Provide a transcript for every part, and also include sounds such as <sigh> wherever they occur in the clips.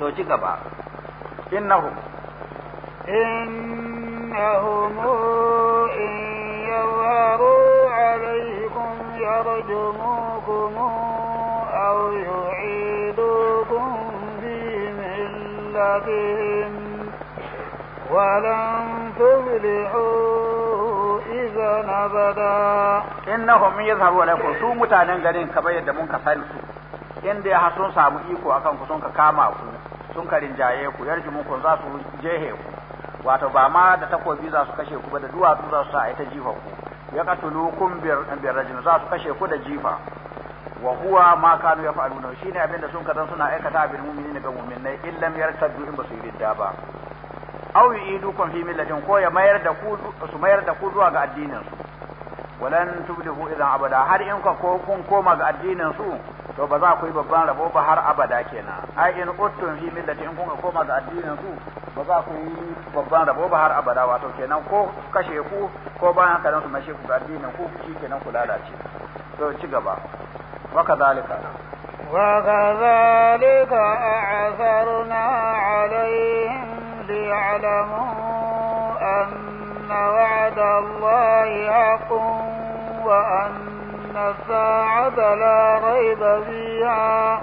to ji gaba innahum innahum in yawaru alaykum yarjumukum aw yu'idukum fi millatihim wa lam tuflihu inna abada innahum yadhhabu alaykum su mutanen garin kamar yadda mun ka sani inda ya haso samu iko akan kusan ka kama ku sun karin rinjaye ku yarji muku za su jehe ku wato ba ma da takobi za su kashe ku ba da duwatsu za su sa ita jifa ku ya kun bi rajul za su kashe ku da jifa wa huwa ma kanu shi ne abinda sun kazan suna aikata bil mu'minin ga mu'minai illam yartaddu in basu yidda ba aw kun fi millatin ko ya mayar da ku su mayar da ku zuwa ga addinin su walan tuflihu idan abada har in ka kun koma ga addinin su to ba za ku yi babban rabo ba har abada kenan ai in uttun fi millati in kun ka koma ga addinin su ba za ku yi babban rabo ba har abada wato kenan ko kashe ku ko bayan ka su mashe ku ga addinin ku shi kenan ku lalace to ci gaba wa kadalika wa kadalika a'tharna alaihim liya'lamu anna وعد الله حق وأن الساعة لا ريب فيها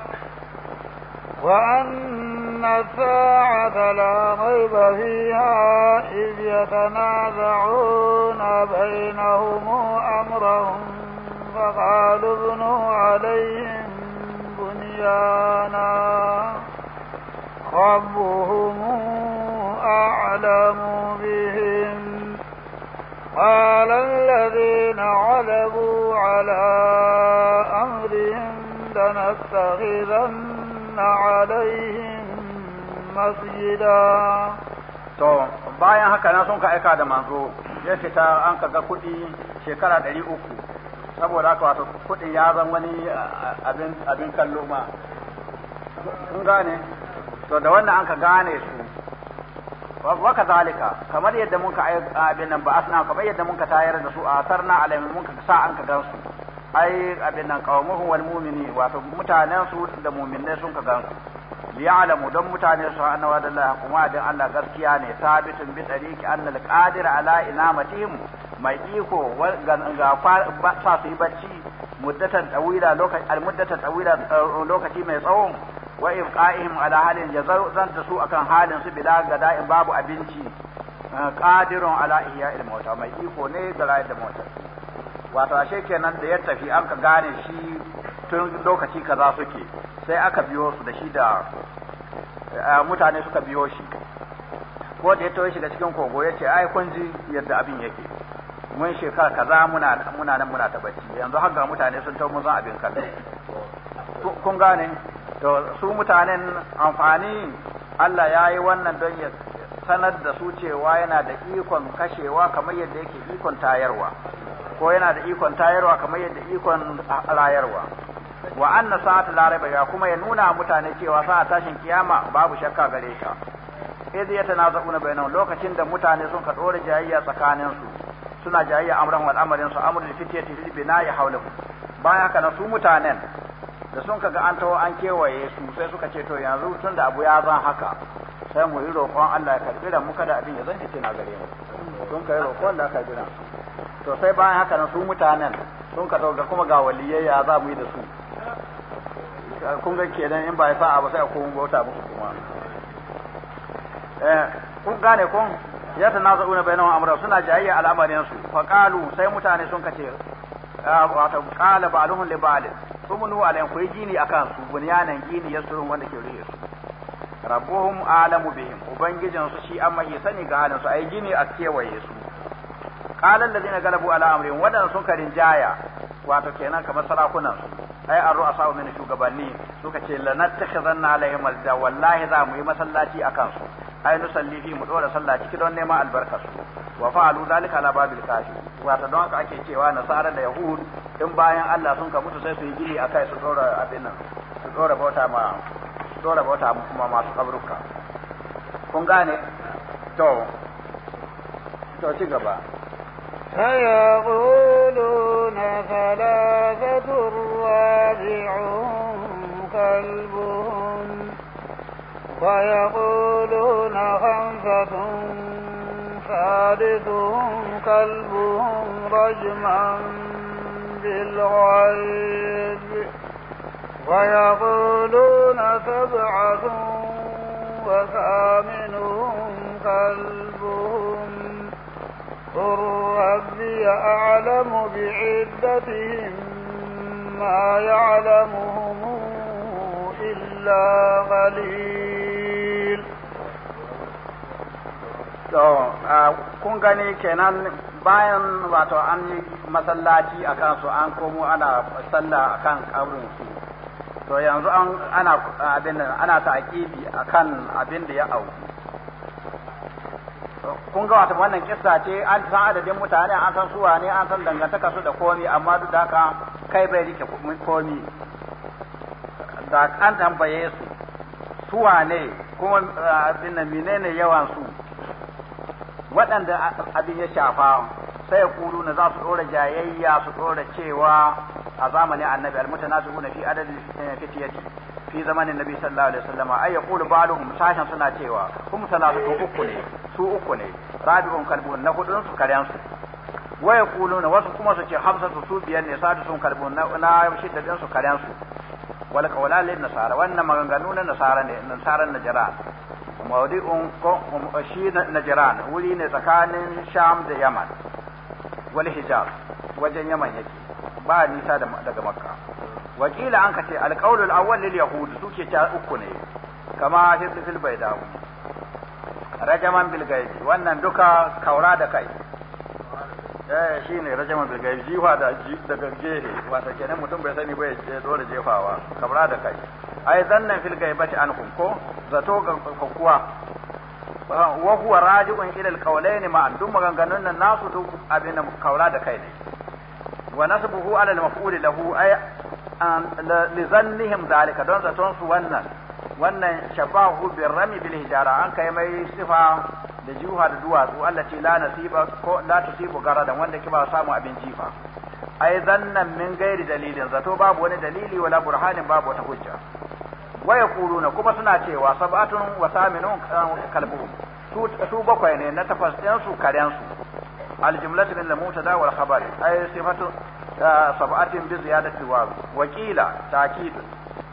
وأن الساعة لا ريب فيها إذ يتنازعون بينهم أمرهم فقالوا ابنوا عليهم بنيانا ربهم أعلم بهم قال الذين غلبوا على أمرهم لنستغذن عليهم مسجدا to bayan haka na sun ka aika da manzo ya fita an ka ga kuɗi shekara ɗari uku saboda haka wato kuɗin ya zan wani abin kallo ma sun gane to da wannan an ka gane su waka zalika kamar yadda muka abin nan ba asna kamar yadda muka tayar da su a sarna alamin muka sa an ka gansu ai abin nan qaumuhu wal mu'mini wato mutanen su da mu'minai sun ka gansu ya'lamu don mutane su anna wa dallahi kuma dan Allah gaskiya ne sabitun bi tariqi annal qadir ala inamatihim mai iko ga sa su yi bacci muddatan tawila lokaci al muddatan tawila eh, lokaci mai tsawo wa ibqa'ihim ala halin ya zanta su akan halin su bila gada in babu abinci ah, qadirun ala al mauta mai iko ne ga rayar da mauta wato ashe kenan da ya tafi an ka gane shi tun lokaci kaza suke sai aka biyo su da shi da ah, mutane suka biyo shi ko da ya tawo shiga cikin kogo ya ce ai kun ji yadda abin yake mun shekara kaza muna muna nan muna ta bacci yanzu har ga mutane sun tawo mun zan abin kallo kun gane to su mutanen amfani Allah ya yi wannan don ya sanar da su cewa yana da ikon kashewa kamar yadda yake ikon tayarwa ko yana da ikon tayarwa kamar yadda ikon rayarwa wa anna sa'at la raiba ya kuma ya nuna mutane cewa sa'a tashin kiyama babu shakka gare ta idh yatanaza'una bainahum lokacin da mutane sun ka dore jayayya tsakanin su suna jayayya amran wal amarin su amrul fityati fil bina'i hawlahum baya kana su mutanen da sun kaga an taho an kewaye su sai suka ce to yanzu tun da abu ya zan haka sai mu yi roƙon Allah ya karbi da mu kada abin ya zan fitina gare mu sun kai roƙon da karɓi jira to sai bayan haka nan su mutanen sun ka ga kuma ga waliyai ya za mu yi da su kun ga kenan in ba ya sa'a ba sai a komo bauta muku kuma eh kun gane kun ya tanaza'una bainahum amra suna jayayya al'amarin su fa qalu sai mutane sun kace ah, wato qala ba'dhum li ba'd sumunu alayhim ku yi gini akan su bunyanan gini yasurun wanda ke rufe su rabbuhum alamu bihim ubangijin su shi amma ya sani ga halin su ai gini a kewaye su qalan ladina galabu ala amrin wadan sun karin jaya wato kenan kamar sarakunan su ai arru ru'asa min shugabanni suka ce zanna alaihim alda wallahi za mu yi masallaci akan su ai nusalli fi mu dora sallah ciki don neman albarkar su wa fa'alu zalika ala babil kafi wato don haka ake cewa nasara da yahud in bayan Allah sun ka mutu sai su yi gini akai su dora abin nan su dora bauta ma dora bauta kuma masu kabruka kun gane to to ci gaba فيقولون ثلاثة رابعهم كلبهم ويقولون خمسة ثالثهم كلبهم رجما بالغيب ويقولون سبعة وثامنهم كلبهم قل ربي أعلم بعدتهم ما يعلمهم إلا قليل to uh, kun gani kenan bayan wato an yi masallaci a kansu an komo ana sallah a kan kabrinsu to yanzu an ana abin ana taƙibi a kan abin da ya auku kun ga wata wannan kissa ce an san adadin mutane an san suwa ne an san dangantaka su da komi amma duk da haka kai bai rike komi da an tambaye su suwa ne kuma uh, abin da menene yawan su waɗanda abin ya shafa sai kulu na za su ɗora jayayya su ɗora cewa a zamanin annabi almutanazi'una fi adadin eh, fitiyati fi zamanin nabi sallallahu alaihi wasallam ay yaqulu ba'dhum sashan suna cewa hum salatu uku ne su uku ne rabi'un kalbun na hudun su karyan su wa yaquluna wasu kuma su ce hamsatu su biyan ne sadu sun kalbun na shiddatin su karyan su wal qawla lin nasara wannan maganganu na nasara ne nasara na najran mawdi'un um, shi na najran wuri ne tsakanin sham da yaman wal hijaz wajen yaman yake ba nisa daga makka wakila an kace al qawl al awwal lil yahud suke ta uku ne kama hizb fil baydawi rajaman bil gaibi wannan duka kaura da kai eh shine rajama bil gaibi jiwa da daga gehe wato kenan mutum bai sani bai ya dole jefawa kabra da kai ai zannan fil gaibati ankum ko zato ga kuwa wa huwa raji'un ila al qawlayn ma'an dum maganganun nan nasu duk abin kaura da kai ne wa nasbuhu ala al maf'ul lahu ay li zannihim zalika don zaton su wannan wannan shabahu bir rami bil hijara an kai mai sifa da juha da duwatsu Allah ce la nasiba ko la tusibu garadan wanda ki ba samu abin jifa ai zannan min gairi dalilin zato babu wani dalili wala burhanin babu wata hujja waya kuluna kuma suna cewa sab'atun wa saminun kalbu su bakwai ne na tafas ɗin su karen su jumlatu min al wal khabar ai sifatu ah, sab'atin bi ziyadati wa wa qila ta'kid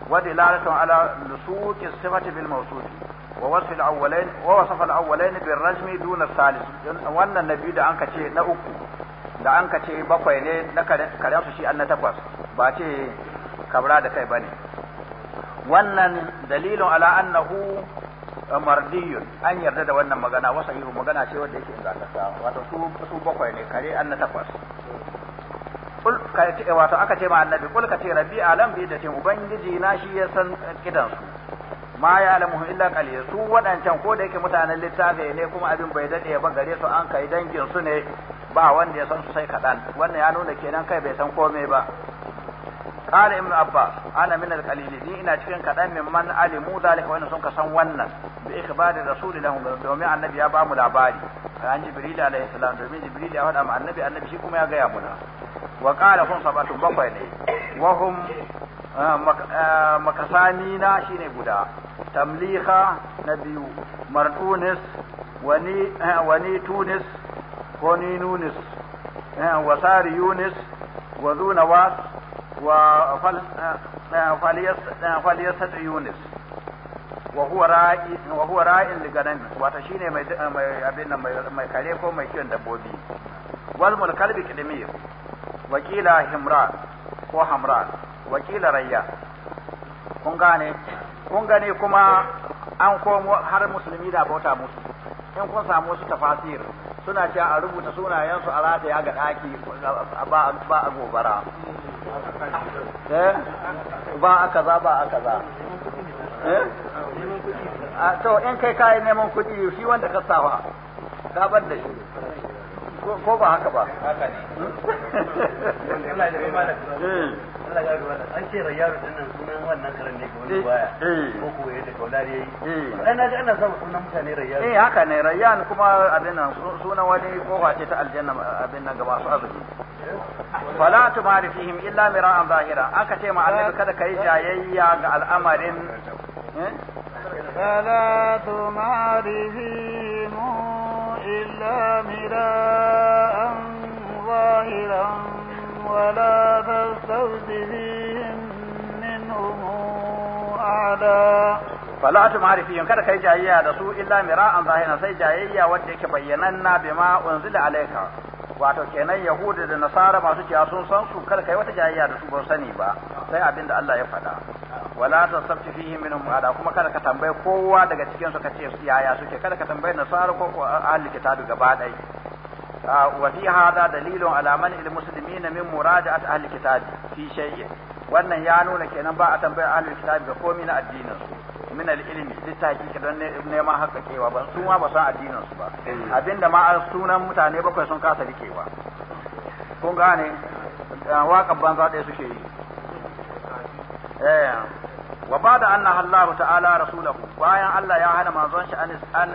wa dilalatu ala lusuqi sifati bil mawsufi ووصف الأولين ووصف الأولين بالرجم دون الثالث وأن النبي ده أنك شيء نأكو ده أنك شيء بقوي ليه شيء أن تقص باتي كبرى ده كي بني wannan dalilin ala annahu mardiyun an yarda da wannan magana wasa yi magana ce wanda yake ingantacciya wato su su bakwai ne kare an na takwas kul wato aka ce ma annabi kul ka ce alam da ubangiji na shi ya san kidan su ma ya alamu illa qalil su wadancan ko da yake mutanen littafi ne kuma abin bai dade ba gare su an kai dangin su ne ba wanda ya san su sai kadan wannan ya nuna kenan kai bai san komai ba qala ibn abbas ana min al ni ina cikin kadan min man alimu zalika wannan sun ka san wannan bi ikhbari rasulillahu domin annabi ya ba mu labari an jibril alaihi salam domin jibril ya faɗa ma annabi annabi shi kuma ya gaya muna wa qala kun sabatu bakwai ne wa hum Ah, ah, makasani na ne guda tamliha na biyu martunis ah, wani tunis ko nunis wasari yunis wa zunawas wa faliyasat yunis wa huwa ra'in liganan wata shine mai abin nan mai kare ko mai kiyon dabbobi wal mulkalbi kidmir wakila himran ko hamran wakila rayya kun gane kun gane kuma an komo har musulmi da bauta musu in kun samu wasu tafasir suna cewa a rubuta sunayensu a ya ga daki ba a gobara eh? ba a kaza ba a kaza eh? to in kai kayan neman kuɗi shi wanda ka sawa ka bar da shi ko ba haka ba haka ne hmm? <laughs> Allah ya ga wannan an ce rayyaru din sunan wannan karan ne ga wani ko ko yadda kaulari yayi ai na ga ana samun sunan mutane rayyaru eh haka ne rayyan kuma abin nan sunan wani kofa ce ta aljanna abin nan ga masu arziki fala tumari fihim illa mira'an zahira aka ce ma annabi kada kai jayayya ga al'amarin فلا تمار فيهم إلا مراء ظاهرا ولا تستوت فيهم منهم أحدا فلا تمعرف فيهم كذا كي جاية دسو إلا مراء ظاهرا سي جاية ودك بيننا بما أنزل عليك wato kenan yahudu da nasara masu cewa sun san su kada kai wata jayayya da su ba sani ba sai abin da Allah ya faɗa wala tasabti fihi minhum ada kuma kada ka tambaye kowa daga cikin su kace yaya suke kada ka tambaye nasara ko ahli kitabi gaba ɗaya وفي هذا دليل على منع المسلمين من مراجعة أهل الكتاب fi شيء wannan ya nuna kenan ba a tambayar ahlul kitab da komai na addinin su min al-ilmi littafi don neman haƙaƙewa ban su ma ba san addinin su ba abinda ma sunan mutane bakwai sun kasa likewa. kun gane waƙar banza ɗaya suke yi eh wa ba da anna Allah ta'ala rasulahu bayan Allah ya hana manzon shi an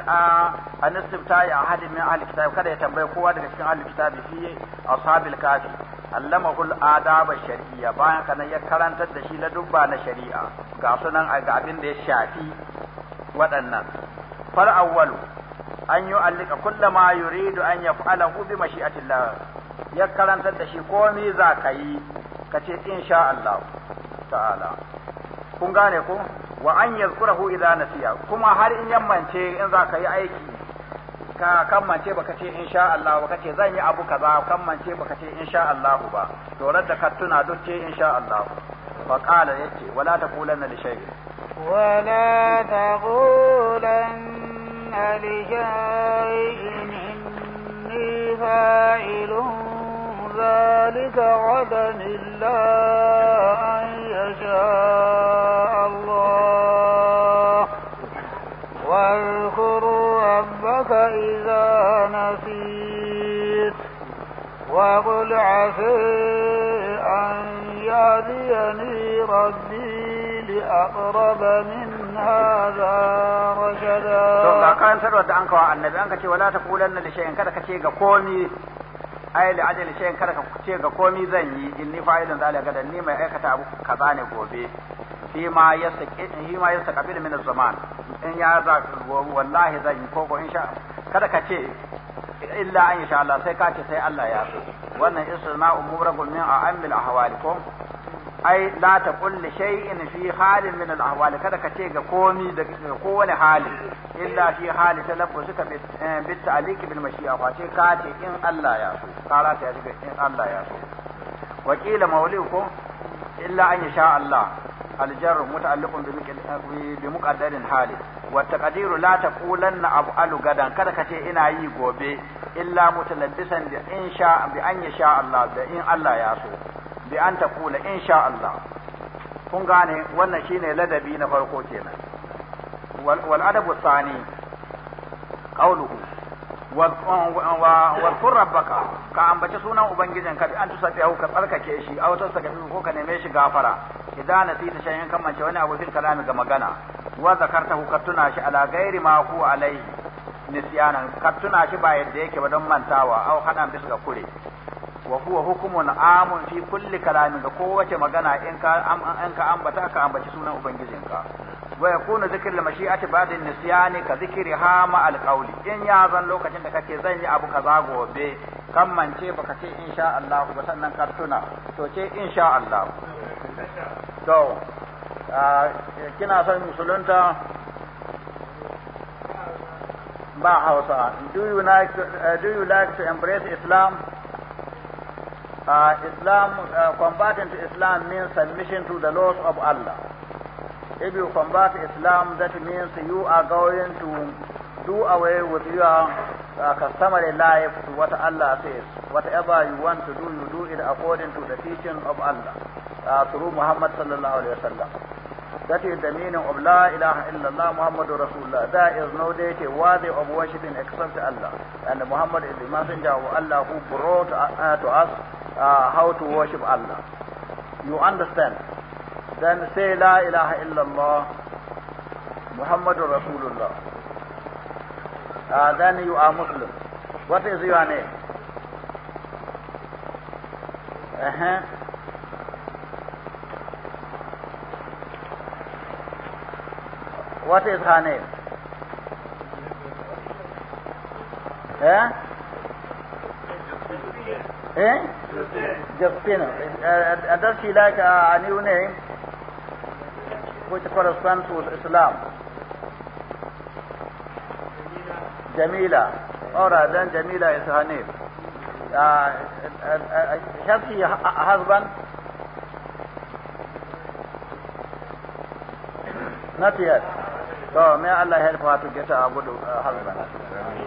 an istifta ya ahadin min ahli kitab kada ya tambaye kowa daga cikin ahli kitab fi ashabil kafi allamahu al-adab ash bayan kana ya karantar da shi la dubba na shari'a ga sunan ga abin da ya shafi waɗannan far awwalu an yu'allika kullama yuridu an yaf'alahu bi mashi'atillah ya karantar da shi komai za ka yi ka ce insha Allah ta'ala kun gane ko wa an yazkurahu idza nasiya kuma har in yammance in za ka yi aiki ka kammance baka ce insha Allah baka ce zan yi abu kaza kammance baka ce insha Allah ba to radda ka tuna duk ce insha Allah fa qala yace wala taqulanna li shay'in wala taqulanna li shay'in inni fa'ilun ذلك غدا إلا أن يشاء وقل عسى أن يهديني ربي لأقرب من هذا رشدا. to ga karantarwar da an kawo annabi an kace wala taqulanna li shay'in kada kace ga komi ai da ajali shi kada ka ce ga komi zan yi in ni fa'ilun zalika gadan ni mai aikata abu kaza ne gobe shi ma saki shi ma yastaqbil min zaman in ya za wallahi zan yi koko insha kada ka ce illa an insha Allah sai ka ce sai Allah ya so wannan istisna'u mubrakun min a'amil ahwalikum ko ai la ta kulli shay'in fi halin min al ahwal kada ka ce ga komi da kowane hali illa fi hali talabbusuka bi eh, ta'liqi bil mashi'a fa ce ka ce in Allah ya so kara ta ji in Allah ya so wakila mawliku illa an yasha Allah al jarr muta'alliqun bi muqaddarin hali wa taqdiru la taqulanna af'alu gadan kada ka ce ina yi gobe illa mutalabbisan bi in sha bi an yasha Allah da in Allah ya so bi an kula insha Allah kun gane wannan shine ladabi na farko kenan wal adabu tsani qawluhu wa wa rabbaka ka ambaci sunan ubangijin ka an tusafi ka tsarkake shi a wata saka ko ka neme shi gafara idan ta shay'in kan mace wani abu fil kalami ga magana wa zakartahu ka tuna shi ala gairi ma ku alaihi nisyanan ka tuna shi ba yadda yake ba don mantawa au hadan bisa ga kure wa huwa hukumun amun fi kulli kalamin da kowace magana in ka in ka ambata ka ambaci sunan ubangijinka wa yakunu zikr al mashi'ati ba'da an nisyani ka zikiri ha ma al qawli in ya zan lokacin da kake zan yi abu kaza gobe kan mance baka ce insha Allah ba sannan ka tuna to ce insha Allah kina son musulunta ba Hausa do you like uh, do you like to embrace Islam Uh, Islam, uh, combating to Islam means submission to the laws of Allah. If you combat Islam, that means you are going to do away with your uh, customary life to what Allah says. Whatever you want to do, you do it according to the teaching of Allah uh, through Muhammad sallallahu alaihi sallam. that is the meaning of La ilaha illallah Muhammadu Rasulullah. There is no deity worthy of worshiping except Allah. And Muhammad is the messenger of Allah who brought uh, to us uh, how to worship Allah. You understand? Then say La ilaha illallah Muhammadu Rasulullah. Uh, then you are Muslim. What is your name? Uh-huh. What is her name? Eh? Eh? Josephine. Uh, does she like uh, a new name which corresponds with Islam? Jamila. All right, then Jamila is her name. Uh, uh, uh, uh has she a husband? Not yet. So may Allah help her to get a good uh, husband.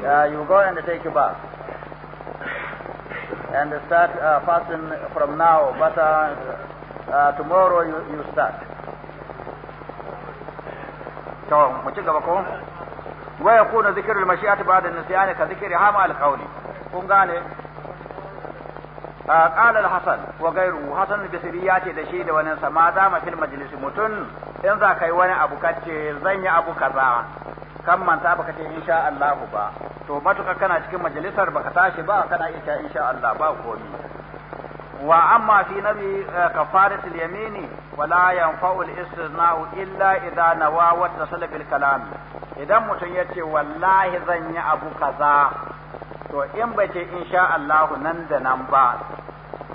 Uh, you go and take a bath. And start uh, fasting from now, but uh, uh, tomorrow you, you start. So, mu ci gaba ko? Wa yakunu zikirul mashi'ati ba'da an-nisyan ka zikri hama al-qawli. Kun gane قال الحسن وغيره حسن البصري ya ce da shi da wani Ma za mu fil majlis mutun in za kai wani abu kace zan yi abu kaza kan ta baka ce insha Allah ba to matuka kana cikin majalisar baka tashi ba kana iya insha Allah ba komi wa amma fi nabi kafarat al-yamini wala yanfa'u al-istina'u illa idha nawawa wa tasala bil kalam idan mutun yace wallahi zan yi abu kaza to in ba ce insha Allahu nan da nan ba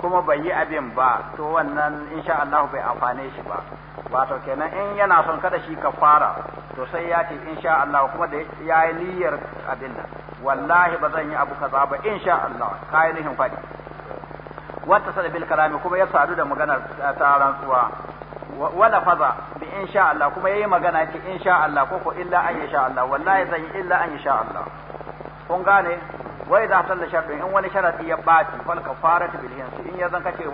kuma bai yi abin ba to wannan insha Allahu bai amfane shi ba wato kenan in yana son kada shi ka fara to sai ya ce insha Allah kuma da ya yi niyyar abin nan wallahi ba zan yi abu kaza ba insha Allah kai nihin fadi wata sada bil karami kuma ya sadu da maganar ta rantsuwa wala faza bi insha Allah kuma yayi magana ce insha Allah ko ko illa an insha Allah wallahi zan yi illa an insha Allah kun gane Wai idza talla shartu in wani sharaɗi ya baci fal kafaratu bil hins in ya zan kace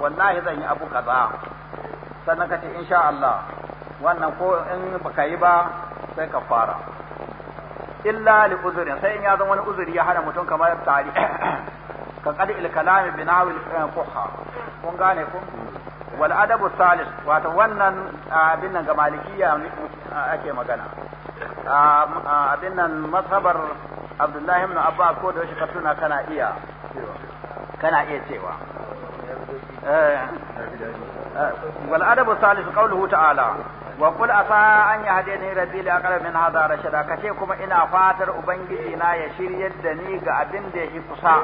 wallahi zan yi abu kaza sannan kace insha Allah wannan ko in baka yi ba sai ka fara. illa li uzrin sai in ya zan wani uzuri ya hana mutum kamar tari ka qad il kalami bi nawi fuha kun gane ku wal adabu salis wato wannan abin nan ga malikiya ake magana abin nan mazhabar abdullahi ibn abba ko da shi ka tuna kana iya kana iya cewa eh. Eh. wal adabu salisu qawluhu ta'ala wa kul asa an yahdini rabbi li aqrab min hadha rashada kace kuma ina fatar ubangiji na ya shiryar da ni ga abin da yake kusa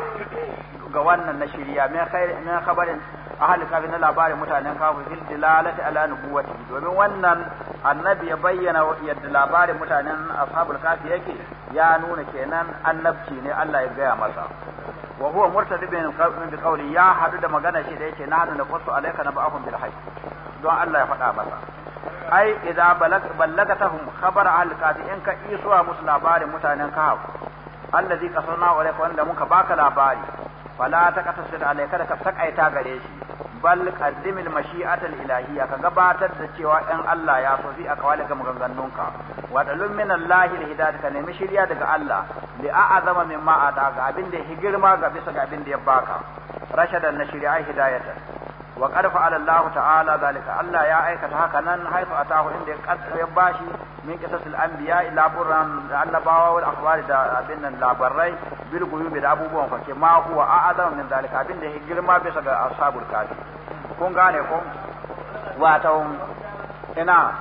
ga wannan na shirya min khair min khabarin ahli kafi na labarin mutanen kafu fil dilalati ala nubuwati domin wannan annabi ya bayyana yadda labarin mutanen ashabul kafi yake ya nuna kenan annabci ne Allah ya gaya masa wa huwa murtadibin bi qawli ya hadu da magana shi da yake na hadu da qasu alayka na ba'akum bil hayy don Allah ya faɗa masa ai idza ballagatahum khabar al kafi in ka isuwa musu labarin mutanen kahf allazi qasarna alayka wanda muka baka labari fala taqtasir alayka da ka takaita gare shi bal qaddimil mashi'atal ilahiyya ka gabatar da cewa 'Yan Allah ya so fi aqwali ga maganganunka wa dalil min Allah hidayat ka nemi shirya daga Allah li a'azama mimma ata ga abin da ya girma ga bisa ga abin da ya baka rashadan na shirya hidayata wa qad fa'ala Allah ta'ala zalika Allah ya aikata haka nan haifu atahu inda ya bashi min qisasil anbiya ila da annabawa wal akhbari da abin nan labarai bil guyubi da abubuwan fake ma huwa a'azam min zalika abin da ya girma bisa ga ashabul kafi kun gane ko wato ina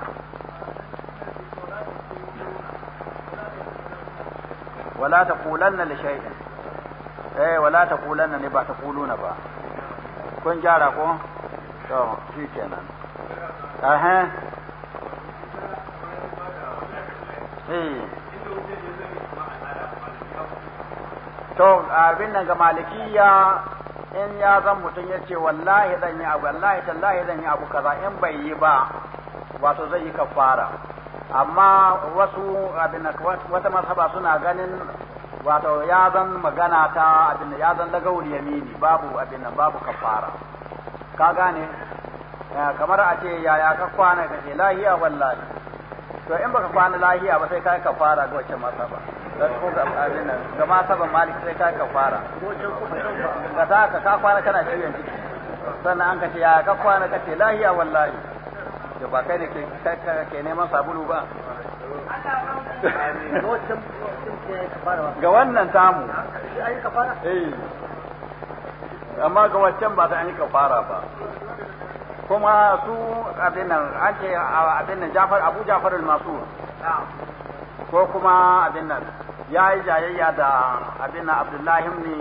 wala taqulanna li shay'in eh wala taqulanna ne ba ba kun gyara ko to shi kenan eh to abin nan ga malikiya in ya zan mutum ya ce wallahi zan yi abu wallahi tallahi zan yi abu kaza in bai yi ba wato zai yi kafara amma wasu abin wata masaba suna ganin wato ya zan magana ta abin ya zan lagawul yamini babu abin nan babu kafara ka gane eh, kamar a ce yaya ka kwana ka ce lahiya wallahi to in baka kwana lahiya ba sai ka kafara ga wacce masa ba ga abin masa ba malik sai ka kafara ga ta ka ka kwana kana ciwon ciki sannan an ka ce yaya ka kwana ka ce lahiya wallahi to ba kai ne ke neman sabulu ba <laughs> ga wannan tamu eh. amma ga waccan ba ta an yi kafara ba kuma su abinan an ce abinan Jafar Abu Jafar al-Masur ko kuma abinan ya yi jayayya da abinan abdullahi ne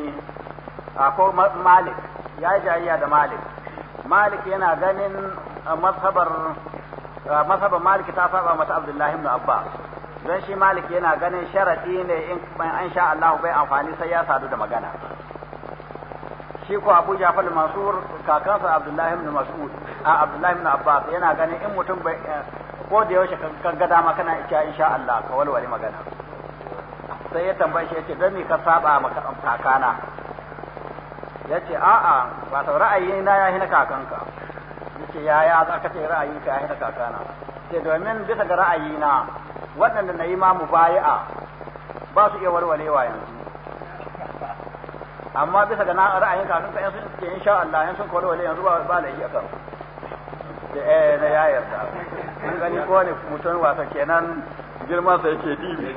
a ko Malik ya yi jayayya da Malik Malik yana ganin mazhabar Eh, masabar maliki ta saba mata abdullahi ibn abba don shi maliki yana ganin sharadi ne in an sha Allah bai amfani sai ya sadu da magana shi ko Abu Ja'far Mansur kakansa Abdullahi ibn Mas'ud a Abdullahi ibn abba yana ganin in mutum bai eh, ko da yaushe ka ga dama kana iya insha Allah ka walwale magana sai ya tambaye shi yace dan me ka saba maka kakana yace a'a ta ra'ayi na yahi na kakanka ce yaya za ka ce ra'ayin ka ya kakana ce domin bisa ga ra'ayina waɗanda na yi ma mubaya'a ba su iya warwalewa yanzu amma bisa ga ra'ayin kakan ka sun ce insha Allah yan sun warwale yanzu ba ba laifi akan da eh na ya yarda kun gani ko ne mutum wasa kenan girma sai yake dibi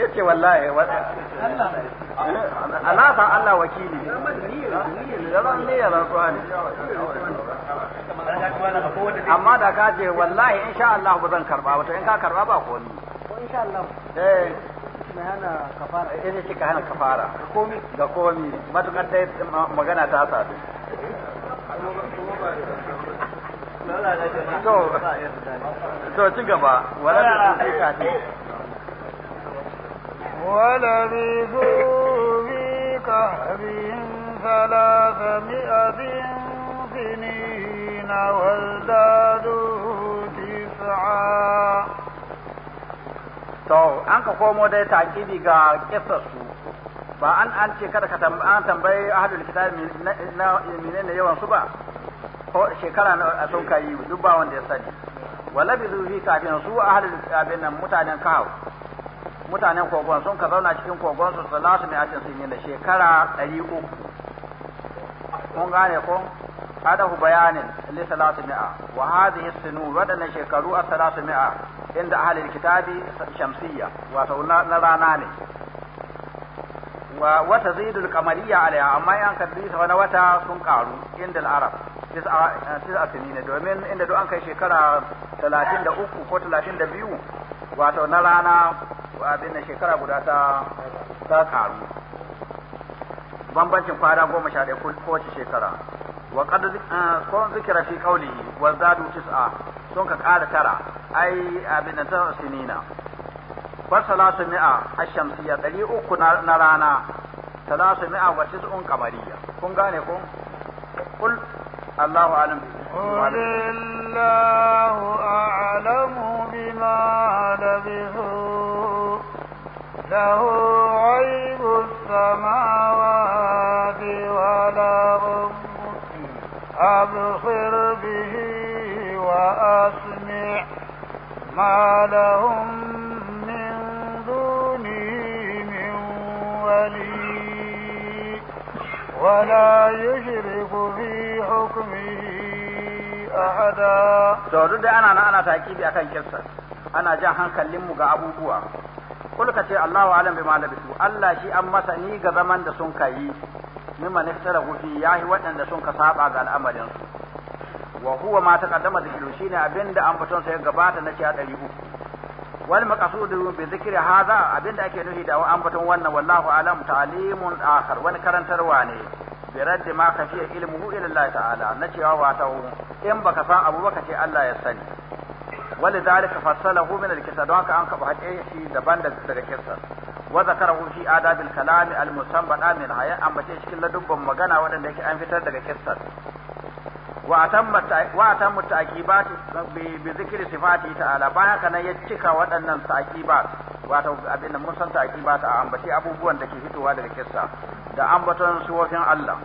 ya ce wallahi Allah sa Allah wakili amma da ka ce wallahi in sha Allah ba zan karba wato in ka karba ba komi ko in sha Allah eh hana kafara eh ka hana kafara komi ga komi matukar dai magana ta to gaba wala ولبثوا في كهفهم ثلاثمائة سنين وازدادوا تسعا to an ka komo dai takibi ga kisarsu ba an an ce kada ka an tambayi ahadul kitab na menene yawan su ba ko shekara na sun kai duk ba wanda ya sani wala bi zuhi kafin su ahadul kitab nan mutanen kawo mutanen kogon sun ka zauna cikin kogon su salatu mai ajin sun yi da shekara ɗari uku kun gane ko hu bayanin li salatu mi'a wa hadhihi sunu waɗannan shekaru a salatu mi'a inda halin kitabi shamsiyya wato na rana ne wa wata zidul kamariya alaiha amma yan kaddi ta wani wata sun karu inda al'arab arab tis'a ne domin inda duk an kai shekara 33 ko biyu. wato na rana abin shekara guda ta ta karu bambancin kwana goma sha ɗaya kowace shekara wa kada eh, ko zikira fi kauli wa zadu tis'a sun ka ƙara tara ai abin ta sinina fa salatu mi'a ash ɗari dari uku na rana salatu mi'a wa tis'un kamariya. kun gane ko kul Allahu alim. bi Allahu a'lamu bima فاتبعوا له غيب السماوات والأرض أبصر به وأسمع ما لهم من دونه من ولي ولا يشرك في حكمه أحدا. تودد أنا أنا تأكيد أكن كسر. ana jan hankalinmu ga abubuwa ka ce Allahu alam bima labisu Allah shi an masa ni ga zaman da sun kai mimma naftara fi yahi waɗanda sun ka saba ga al'amarin su wa huwa ma taqaddama dhikru shine abinda an ya sai gabata na a 300 wal maqsudu bi dhikri hadha abinda ake nufi da an baton wannan wallahu alam ta'limun akhar wani karantarwa ne bi raddi ma kafiya ilmuhu ila Allah ta'ala na cewa wato in baka san abu baka ce Allah ya sani wani zalika fassalahu min al-kisa don haka an kafa haɗe shi daban daga kisa wa zakarahu fi adabil kalam al-musanbada musamman min hayya ambace cikin ladubban magana waɗanda yake an fitar daga kisa wa atamma wa atamma ta'qibat bi zikri sifati ta'ala bayan kana ya cika waɗannan ta'qibat wato abin mun san ta'qibat a ambace abubuwan da ke fitowa daga kisa da ambaton suwafin Allah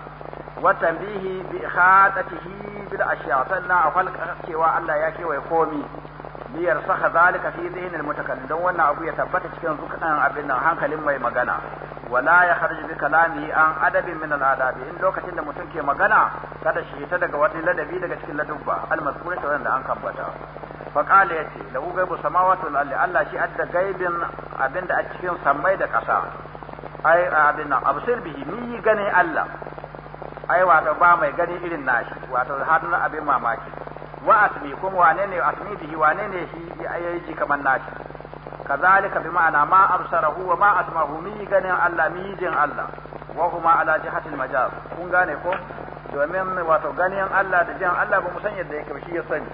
wa tanbihi bi ihadatihi bil ashiya sannan a falka cewa Allah ya kewaye komi Miyar saka zalika fi zihnil mutakallim don wannan abu ya tabbata cikin zukan abin nan hankalin mai magana wala ya kharju bi kalamihi an adabi min al adabi in lokacin da mutum ke magana kada shi ta daga wani ladabi daga cikin ladubba al mazkura ta wanda an kambata fa qala yace la ugaibu samawati wal ardi Allah shi adda gaibin abin da a cikin samai da ƙasa ai abin nan absir bihi ni gane Allah ai wato ba mai gani irin nashi wato har abin mamaki wa asmi kuma wane ne asmi bihi wane ne shi yayi ji kamar nashi kazalika bi ma'ana ma absarahu wa ma asmahu mi ganin Allah mi jin Allah wa huma ala jihatil majaz kun gane ko domin wato ganin Allah da jin Allah ba mu san yadda yake shi ya sani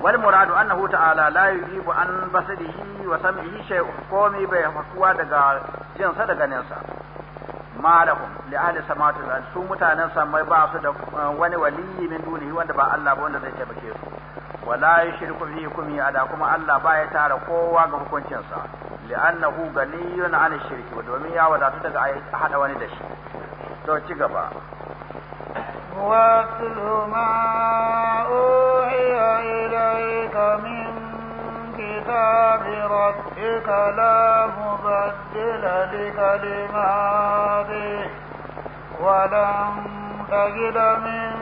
wal muradu annahu ta'ala la yujibu an basarihi wa sam'ihi shay'un komai bai hakuwa daga jinsa da ganinsa malahum li ahli samawati wal su mutanen samai ba su da eh, wani waliyi min dunihi wanda ba Allah ba wanda zai taimake su wala yushriku fi hukmi ada kuma Allah ba ya tara kowa ga hukuncin sa annahu ganiyun 'an shirki wa, domin ya wadatu daga hada wani da shi to ci gaba ma كتاب ربك لا مبدل لكلماته ولن تجد من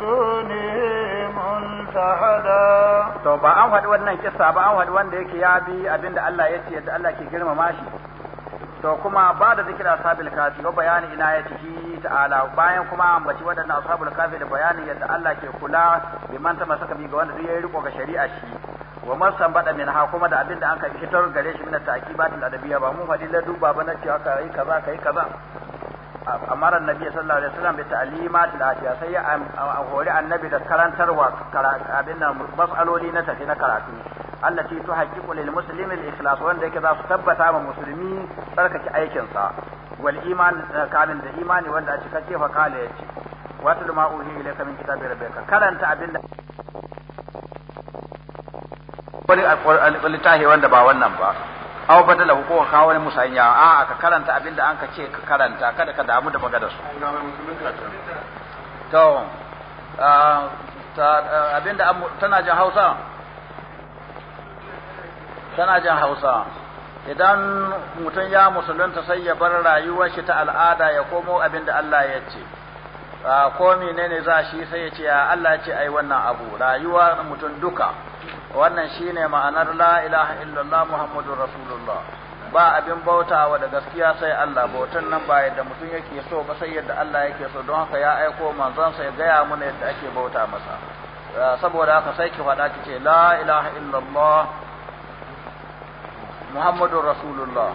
دونه ملتحدا to ba an faɗi wannan kissa ba an faɗi wanda yake ya bi abinda Allah ya ce yadda Allah ke girmama shi to kuma ba da zikira sabil kafi wa bayani ina ya ciki ta'ala bayan kuma ambaci waɗannan ashabul kafi da bayanin yadda Allah ke kula bi man ta masaka bi ga wanda duk yayi riko ga shari'a shi wa man sanbada min ha kuma da abinda an ka fitar gare shi min ta'kibat al-adabiyya ba mu fadila duba ba na cewa ka yi kaza ka yi kaza amara annabi sallallahu alaihi wasallam bi ta'limat al-atiya sai a hori annabi da karantarwa abin nan mas'aloli na tafi na karatu allati tuhaqqiqu lil muslimi al-ikhlas wanda yake za su tabbata wa musulmi tsarkake aikin sa wal iman eh, kamin da imani wanda a cikakke fa kala yace watul ma'uhi ilayka min kitabi rabbika karanta abinda wani littafi wanda ba wannan ba aw badala ko ka wani musanya a ka karanta abinda an ka ce ka karanta kada ka damu da magana su to abinda tana jin Hausa tana jin Hausa idan mutum ya musulunta sai ya bar rayuwar shi ta al'ada ya komo abin da Allah ya ce ko menene za shi sai ya ce ya Allah ce ai wannan abu rayuwa mutum duka wannan shine ma'anar la ilaha illallah muhammadur rasulullah ba abin bautawa da gaskiya sai Allah bautan nan ba yadda mutum yake so ba sai yadda Allah yake so don haka ya aiko manzon sai gaya mana yadda ake bauta masa eh, saboda haka sai ki faɗa ki ce la ilaha illallah muhammadur rasulullah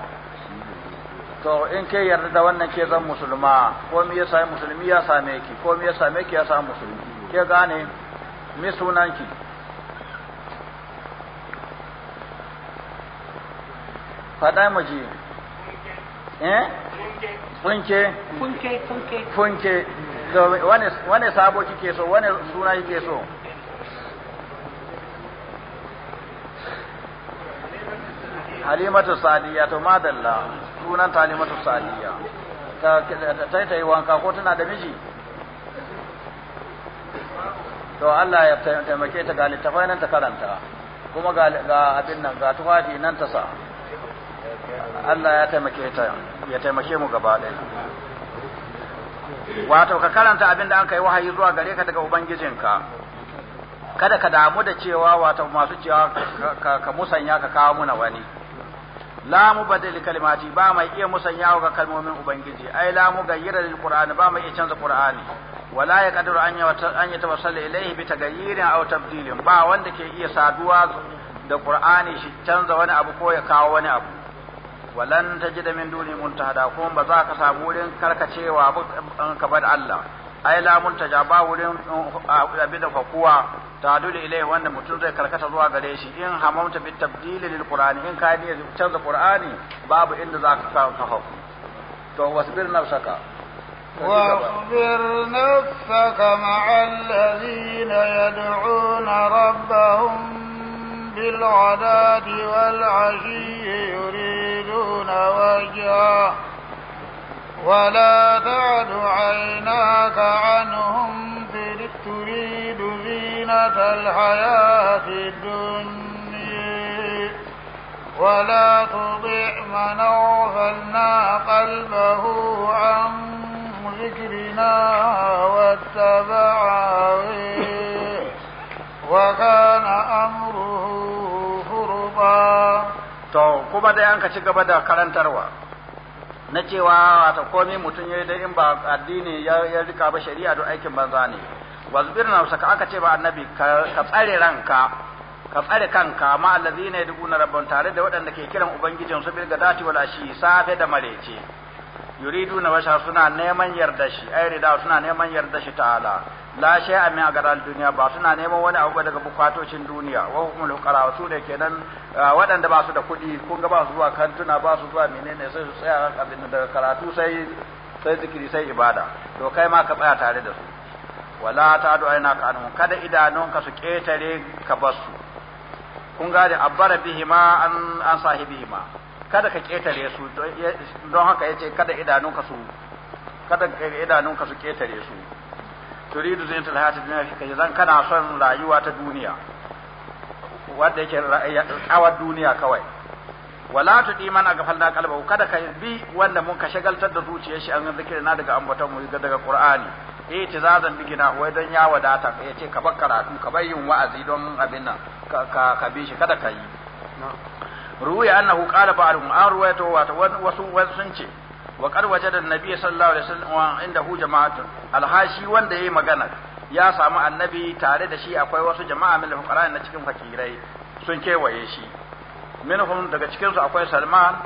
to in ke yarda da wannan ke zan musulma ko me yasa sami musulmi ya same ki ko me yasa same ki ya sami musulmi ke gane me sunan ki faɗa e maji eh funke funke funke funke wane wane sabo kike so wane suna kike so halimatu sadiya to madalla sunan ta halimatu sadiya ta taita yi wanka ko tana da miji to Allah ya taimake ta ga littafai nan ta karanta kuma ga abin nan ga tufafi nan ta sa Allah ya taimake ta ya taimake mu gaba ɗaya wato ka karanta abin da an kai wahayi zuwa gare ka daga ubangijinka kada ka damu da cewa wato masu cewa ka musanya ka kawo muna wani la Badali kalimati ba mai iya musanya ga kalmomin ubangiji ai la mugayyira lil qur'ani ba mai iya canza qur'ani wala ya kadiru an an yatawassala ilayhi bi tagayyirin aw tabdilin ba wanda ke iya saduwa da qur'ani shi canza wani abu ko ya kawo wani abu walan tajida min duni muntada ko ba za ka samu wurin karkacewa ba ka bar Allah ai la muntaja ba wurin abin da fakuwa ta dole ilai wanda mutum zai karkata zuwa gare shi in hamamta bi tabdil lil qur'ani in ka niyya canza qur'ani babu inda za ka samu kafa to wasbir nafsaka واصبر نفسك مع الذين يدعون ربهم بالغداة والعشي يريد دون وجهه ولا تعد عيناك عنهم تريد زينة الحياة الدنيا ولا تطع من أغفلنا قلبه عن ذكرنا واتبعه gaba da yanka ci gaba da karantarwa na cewa wata komai mutum ya yi da in ba addini ya rika ba shari'a don aikin banza ne wasbir na ka aka ce ba annabi ka tsare ranka ka tsare kanka ma dubu na rabban tare da waɗanda ke kiran ubangijin su bil gadati wal ashi safe da marece yuridu na washa suna neman yarda shi ai rida suna neman yarda shi ta'ala la shay amin a garal duniya ba suna neman wani abu daga bukatocin duniya wa hukumul hukara su da kenan ah, waɗanda ba su da kuɗi kun ga ba su zuwa kantuna ba su zuwa menene sai su tsaya abin daga karatu sai sai zikiri sai ibada to kai ma ka tsaya tare da su wala ta du aina ka anhu kada idanunka su ketare ka basu kun ga da abbara bihima an an sahibihima kada ka ketare su don haka yace kada idanunka su kada idanunka su ketare su turidu zai tala hata dunya shi zan kana son rayuwa ta duniya wanda yake kawar duniya kawai wala tu di man agfalna qalbahu kada ka bi wanda mun ka shagaltar da zuciyar shi an zikiri na daga ambaton mu daga qur'ani eh tizazan bigina wai don ya wadata yace ka bar karatu ka bar yin wa'azi don abin nan ka ka bi shi kada ka yi ruwaya annahu qala ba'dhum an ruwayato wa wasu wasu sun ce wa qad wajada an-nabiy sallallahu alaihi wasallam hu jama'atun alhashi wanda yayi magana ya samu annabi tare da shi akwai wasu jama'a min fuqara na cikin fakirai sun kewaye shi minhum daga cikin su akwai Salman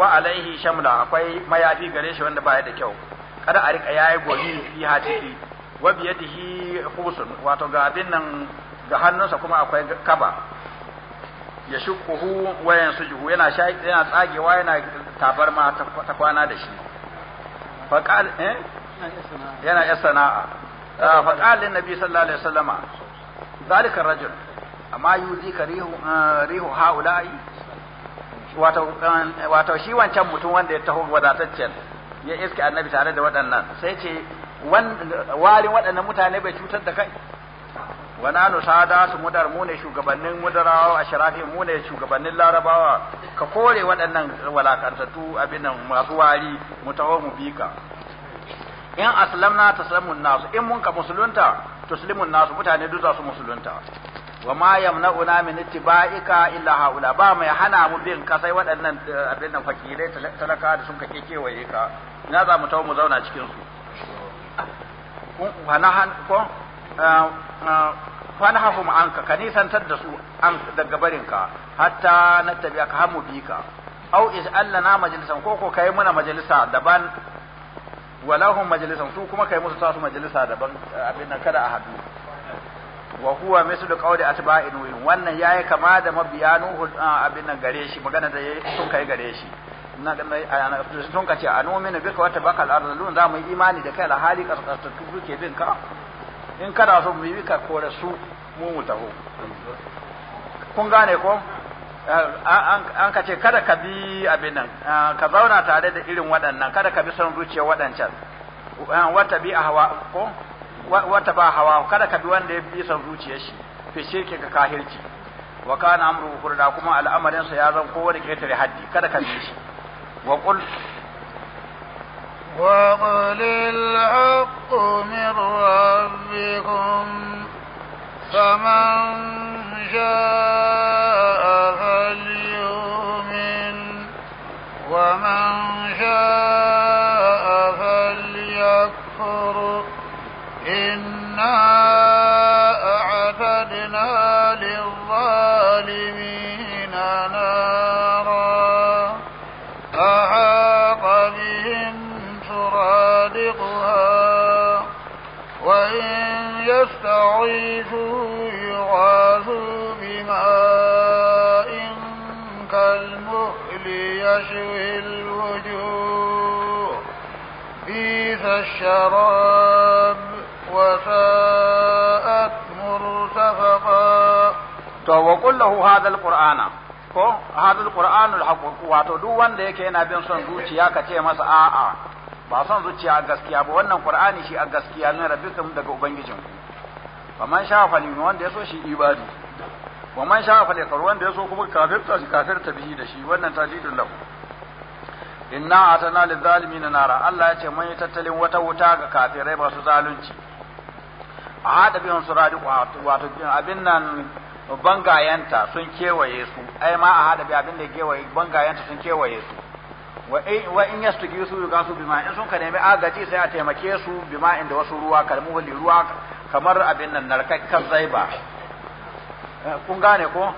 wa alaihi shamla akwai mayafi gare shi wanda baya da kyau kada a rika yayi gobi fi hatifi wa biyadihi khusun wato ga abin nan ga hannunsa kuma akwai kaba ya shukuhu wayan sujuhu yana yana tsagewa yana tabarma ta kwana da shi faqal eh yana ya sana'a ah, faqal lin nabi sallallahu alaihi wasallama zalika rajul amma yuzi karihu ah, rihu haula'i wato ah, wato shi wancan mutum wanda ya taho wadataccen ya iske annabi tare da waɗannan sai ce wani waɗannan mutane bai cutar da kai wa nanu sada su mudar mu ne shugabannin mudarawa a sharafi mu ne shugabannin larabawa ka kore waɗannan walakantattu abin nan masu wari mu taho mu bika in aslamna taslamun nasu in mun ka musulunta taslimun nasu mutane duk za su musulunta wa ma yamna'una min ittiba'ika illa haula ba mai hana mu bin ka sai waɗannan eh, abin nan fakirai talaka da sun ka kekewaye ka na za mu taho mu zauna cikin su kun ko eh, eh, fanhahum anka ka nisantar da su an daga barinka hatta na tabi'a ka hamu bika au is allana majalisan ko ko kai muna majalisa daban walahum majalisan su kuma kai musu tasu majalisa daban abin nan kada a hadu wa huwa mislu qawli atba'in wa wannan yayi kama da mabiya nuhu abin nan gare shi magana da sun kai gare shi na sun kace anumin bika wata bakal ardulun za mu imani da kai alhali kasatattu ke bin ka in kana so mu bi ka kore su mu mu taho kun gane ko an ka ce kada ka bi abin nan ka zauna tare da irin waɗannan kada ka bi son zuciya waɗancan wata bi a hawa ko wata ba hawa kada ka bi wanda ya bi son zuciya shi fi shirke ka kahirci wa kana amru furda kuma al'amarin sa ya zan kowa da ketare haddi kada ka bi shi wa qul وقل الحق من ربكم فمن شاء الشراب وساءت مرتفقا to wa kullahu hadal qur'ana ko hadal qur'anul haqq wato duk wanda yake yana bin son zuciya ka ce masa a'a ba son zuciya gaskiya ba wannan qur'ani shi a gaskiya ne rabbikum daga ubangijin ku man sha fali wanda yaso shi ibadi wa man sha fali wanda yaso kuma kafirta shi kafirta bihi da shi wannan tajidun lahu inna atana lizalimin nara Allah ya ce mun yi tattalin wata wuta ga kafirai masu zalunci a hada biyan su radi wato abin nan bangayenta sun kewaye su ai ma a hada bi abin da kewaye bangayenta sun kewaye su wa in wa in yastuki su ga su bima in sun ka nemi agaji sai a taimake su bima inda wasu ruwa kalmu ruwa kamar abin nan kan zaiba eh, kun gane ko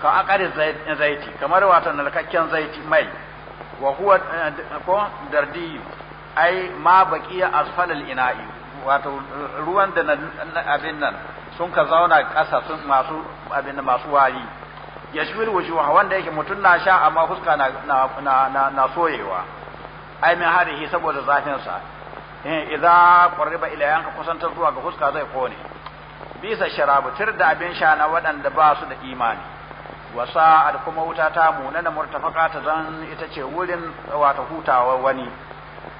ka akari zaiti kamar wato narkakken zaiti mai wa huwa eh, ko dardi ai ma baqiya asfal al ina'i wato ruwan da abin nan sun ka zauna ƙasa sun masu abin da masu wari wanda yake mutun na sha amma fuska na na na, soyewa ai min shi saboda zafin sa in eh, idza qurriba ila yanka kusanta zuwa ga fuska zai kone bisa sharabu tir da abin sha na waɗanda ba su da imani wa sa'ad kuma wuta ta na murtafaka ta zan ita ce wurin wato hutawa wani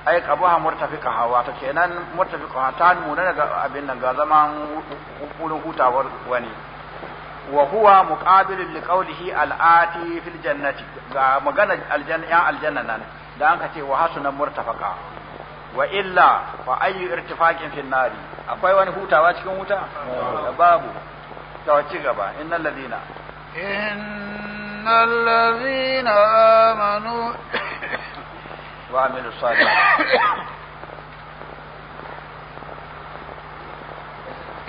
ai qabaha murtafika hawa ta kenan murtafika ta munana ga abin nan ga zaman wurin hutawar wani wa huwa muqabilun li qawlihi al-ati fil jannati ga magana aljanna aljanna nan da an kace wa hasuna murtafaka wa illa fa ayyu irtifaqin fil nari akwai wani hutawa cikin wuta babu ta ci gaba innal ladina إن الذين آمنوا <coughs> وعملوا الصالحات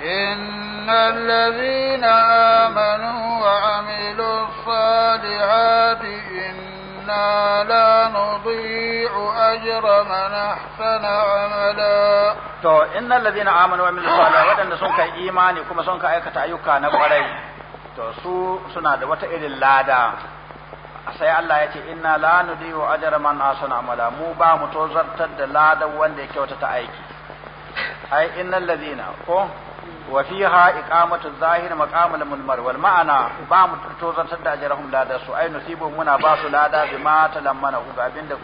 إن الذين آمنوا وعملوا الصالحات إنا لا نضيع أجر من أحسن عملا to innal ladina amanu wa amilus salihati wadanda sun kai imani kuma sun ka aikata ayyuka na kwarai to su suna da wata irin lada sai Allah ya ce inna la nudiyu ajra man asana amala mu ba mu tozartar da lada wanda ya ta aiki ai innal ladina ko wa fiha iqamatu zahir maqamul mulmar wal ma'ana ba mu tozartar da ajrahum lada su ai nusibu muna ba su lada bima talammana ku ga abinda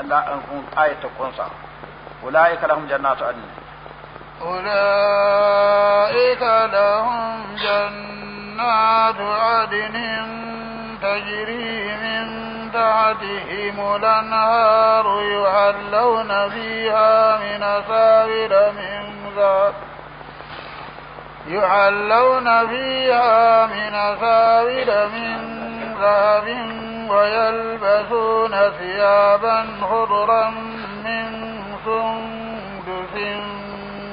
Allah kun um, ayata kunsa ulaika lahum jannatu adn ulaika lahum jannatu جنات عدن تجري من تحتهم الأنهار يحلون فيها من أساور من ذهب يحلون فيها من أساور من ذهب ويلبسون ثيابا خضرا من سندس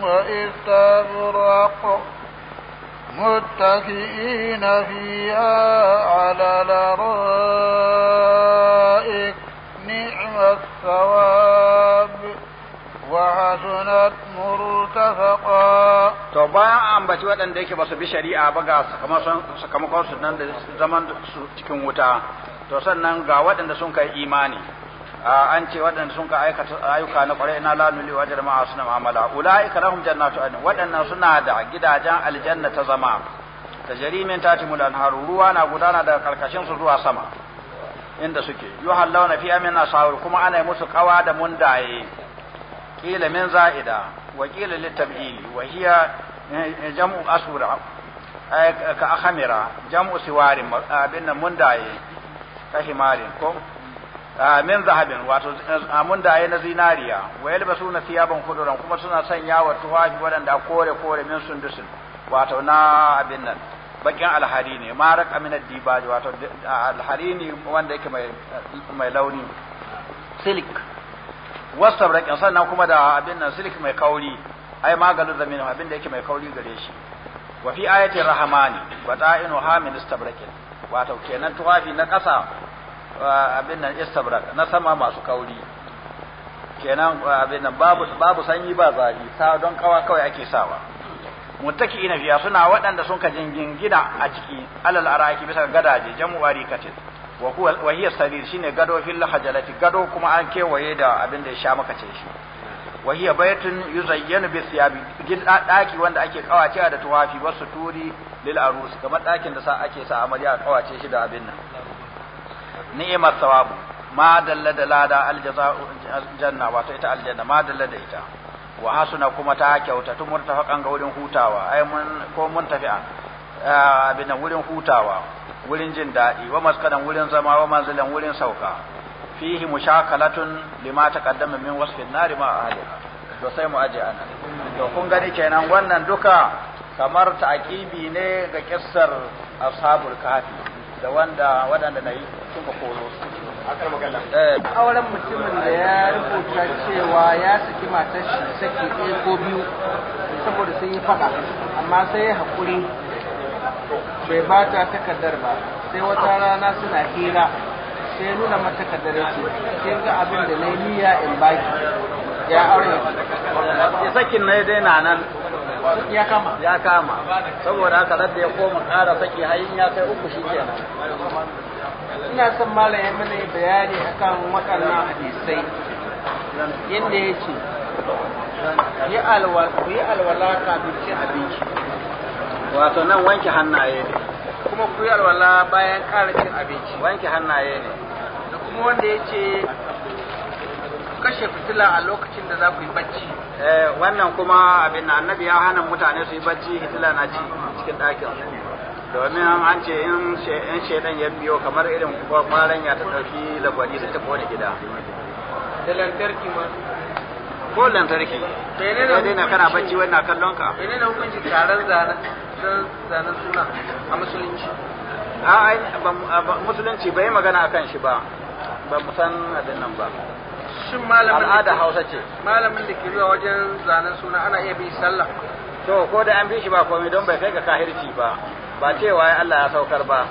وإستبرق متكئين فيها على الارائك نعم الثواب وحسنت مرتفقا to ba ambaci waɗanda yake ba su bi shari'a ba ga sakamakon su nan da zaman cikin wuta to sannan ga waɗanda sun kai imani an ce waɗanda sun ka aikata ayyuka na ƙwarai na la wa jama'a suna mu'amala ulaika lahum jannatu adn waɗannan suna da gidajen aljanna ta zama da jarimin tatimul anhar ruwa na gudana daga karkashin su zuwa sama inda suke yuhallawna fiha min asawir kuma ana yi musu kawa da mundaye qila min za'ida wa qila litab'ili wa hiya eh, jam'u asura ka akhamira jam'u siwarin abin mundaye ka himarin ko Ah, min zahabin wato eh, amun da ayi na zinariya wa yalbasu na ban kuduran kuma suna sanya wa tuwafi wadanda kore kore min sundusin wato na abin nan bakin alhari ne marak aminar dibaji wato alhari ne wanda yake mai mai launi silik wasab rakin sannan kuma da abin nan silik mai kauri ai magalu zamin abin da yake mai kauri gare shi wa fi ayati rahmani ta'inu ha min istabrakin wato kenan tuwafi na kasa abin nan istabrak na sama masu kauri kenan abin nan babu babu sanyi ba zafi sa don kawa kawai ake sawa muttaki ina fiya suna waɗanda sun ka gida a ciki alal araki bisa gadaje jamu arikatin wa huwa wa hiya sarir shine gado fil hajalati gado kuma an kewaye da abin da ya sha maka ce shi wa hiya baytun yuzayyanu bi thiyabi daki wanda ake kawace da tuwafi wasu turi lil arus kamar dakin da sa ake sa amarya kawace shi da abin nan ni'imar thawabu ma dalla da lada aljaza'u janna wato ita aljanna ma dalla da ita wa hasuna kuma ta kyauta tun murtafaqan ga wurin hutawa ai mun ko mun tafi'a abin wurin hutawa wurin jin daɗi wa maskanan wurin zama wa manzilan wurin sauka fihi mushakalatun lima taqaddama min wasfin nari ma ahliha to sai mu aje anan to kun gani kenan wannan duka kamar ta'kibi ne ga kissar ashabul kafi da wanda waɗanda na yi koro eh. Auren mutumin da ya rubuta cewa ya saki matar shi saki ɗaya ko biyu saboda sun yi faɗa amma sai ya haƙuri bai ba ta takardar ba sai wata rana suna hira sai nuna mata takardar ya ce kin ga abin da na yi niyya in baki ya aure. Ya sakin na ya daina nan ya kama ya kama saboda haka da ya koma kara saki hayin ya kai uku shi kenan ina son malam ya mana bayani akan waɗannan hadisai yadda ya ce yi alwala kafin cin abinci wato nan wanke hannaye ne kuma ku yi alwala bayan ƙara cin abinci wanke hannaye ne da kuma wanda ya ce kashe fitila a lokacin da za ku yi bacci eh, wannan kuma abin da annabi ya hana mutane su yi bacci fitila na ci cikin ɗakin domin an ce in shaidan ya biyo kamar irin kwaran ya ta ɗauki lagwani su ta kone gida da lantarki ma ko lantarki sai dai na kana bacci wani na kallon ka ne na hukunci taron zanen suna a musulunci a musulunci bai magana akan shi ba ba mu san abin nan ba shin malamin al'ada hausa ce malamin da ke zuwa wajen zanen suna ana iya bi sallah to ko da an bi shi ba komai don bai kai ga kahirci ba ba cewa ya Allah ya saukar ba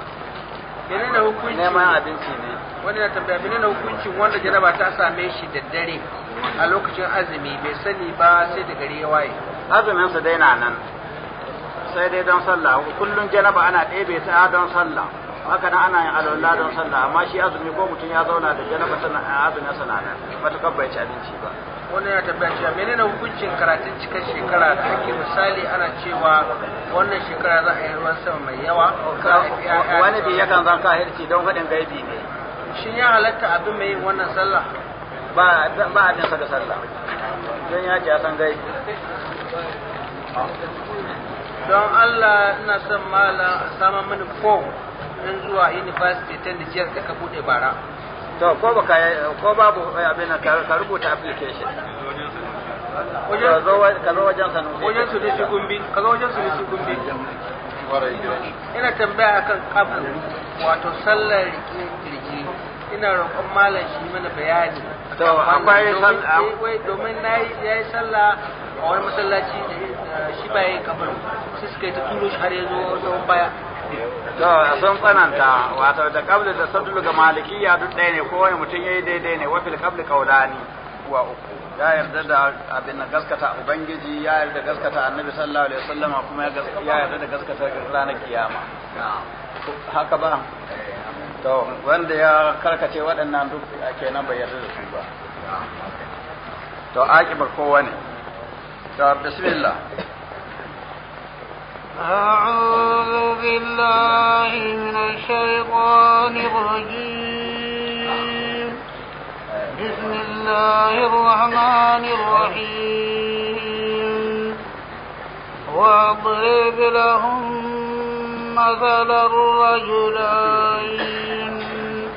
menene hukunci neman abinci ne wani na tambaya menene hukuncin wanda jaraba ta same shi da dare a lokacin azumi bai sani ba sai da gari ya waye azumin su daina nan sai dai don sallah kullun janaba ana ɗebe ta don sallah haka nan ana yin alwala don sallah amma shi azumi ko mutum ya zauna da janaba a azumi ya sana nan matukar bai ci abinci ba wannan ya tabbata cewa menene hukuncin karatun cikin shekara da ake misali ana cewa wannan shekara za a yi ruwan sama mai yawa wani bi yakan zan hirci don faɗin gaibi ne shin ya halatta abin mai wannan sallah ba ba abin saka da sallah don ya ji san gaibi don Allah ina son malam a samun mini ko. domin zuwa university ta nijiyar da ka bude bara to ko baka ko babu eh, abin ka rubuta application wajen zo ka zo wajen sanusi wajen su ne gumbi ka zo wajen su ne gumbi ina tambaya akan kabul wato sallar kirki ina roƙon malam shi mana bayani to akwai eh, wai domin nayi yayi sallah a wani masallaci eh, shi bai kabul sai suka yi ta turo shi har yanzu zo baya to sun tsananta wato da kabli da sadulu ga malikiya duk ɗaya ne kowai mutum ya yi daidai ne wafil kabli kaulani wa uku ya yarda da abin da gaskata ubangiji ya yarda gaskata annabi sallallahu alaihi wasallama kuma ya yarda da gaskata ranar kiyama haka ba to wanda ya karkace waɗannan duk kenan bai yarda da su ba to akibar kowa ne to bismillah أعوذ بالله من الشيطان الرجيم بسم الله الرحمن الرحيم واضرب لهم مثل الرجلين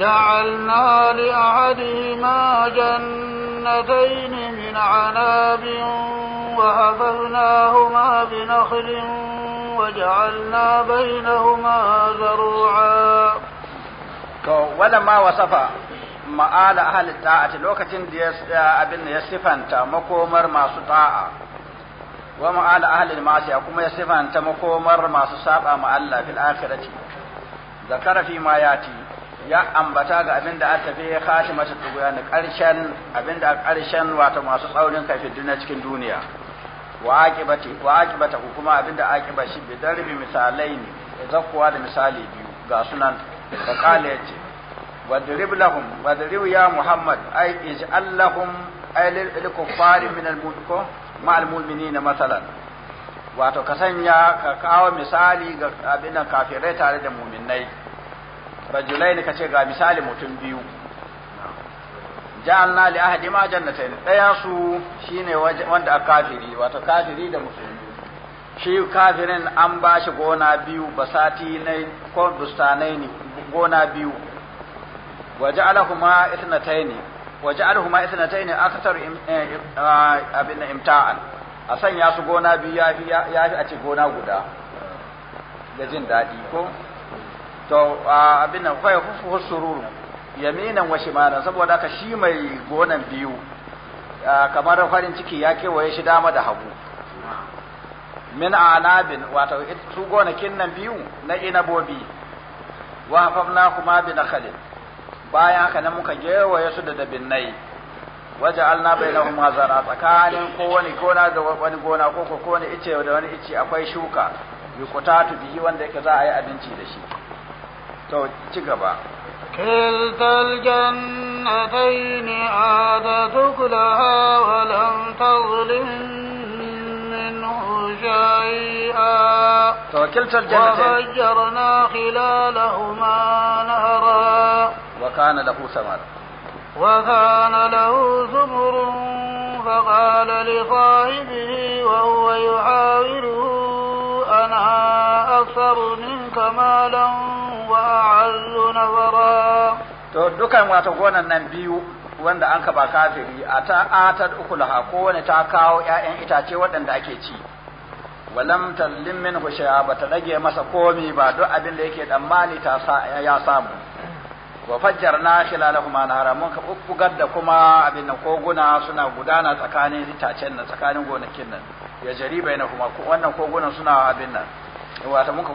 جعلنا لأحدهما جنتين من عناب وحفظناهما بنخل وجعلنا بينهما زرعا to wala ma wasafa ma'ala ahli ta'ati lokacin da ya abin da ya sifanta makomar masu ta'a wa ma'ala ahli ma'asiya kuma ya sifanta makomar masu saba ma Allah fil akhirati zakara fi ma yati ya ambata ga abin da aka ya kashi mata tuguya na ƙarshen abin da ƙarshen wata masu tsaurin kafin duniya cikin duniya wa aqibati wa kuma abinda aqiba shi bi darbi misalai ne zakkuwa da misali biyu ga sunan da kala ce wadrib lahum wadrib ya muhammad ai ij'al lahum ay lil kuffari min al mulku ma al mu'minina masalan wato ka sanya ka kawo misali ga abin kafirai tare da mu'minai ka ce ga misali mutum biyu ja'alna li ahadi ma jannatayn daya su shine wanda a kafiri wato kafiri da musulmi shi kafirin an ba shi gona biyu basati ne ko bustanai ne gona biyu waje alahuma isnatai ne waje alahuma isnatai eh, ah, abin imta'an a sanya su gona biyu ya fi a ce gona guda da jin daɗi ko to ah, abin nan kwaya fufu sururu yaminan wa shimalan saboda haka shi mai gonan biyu kamar farin ciki ya kewaye shi dama da hagu min anabin wato su gonakin nan biyu na inabobi wa hafafna kuma bi nakhalin bayan haka nan muka gewaye su da dabinnai waje alna bai na kuma zara tsakanin kowane gona da wani gona ko ko kowane ice da wani ice akwai shuka bi tu biyu wanda yake za a yi abinci da shi to ci gaba كلتا الجنتين آتت لها ولم تظلم منه شيئا وكلتا الجنتين وفجرنا خلالهما نهرا وكان له ثمر وكان له ثمر فقال لصاحبه وهو يحاوره أنا أكثر منك مالا وأعز nazara to dukan wato gonan nan biyu wanda an ba kafiri a ta atar ukulaha kowane ta kawo ‘ya'yan itace waɗanda ake ci walam tallim min hushaya ba ta rage masa komi ba duk abin da yake tsammani ta ya samu wa fajjar na shilala kuma na haramun ka bugar da kuma abin nan koguna suna gudana tsakanin itacen nan tsakanin gonakin nan ya jari bai na kuma wannan kogunan suna abin nan wata muka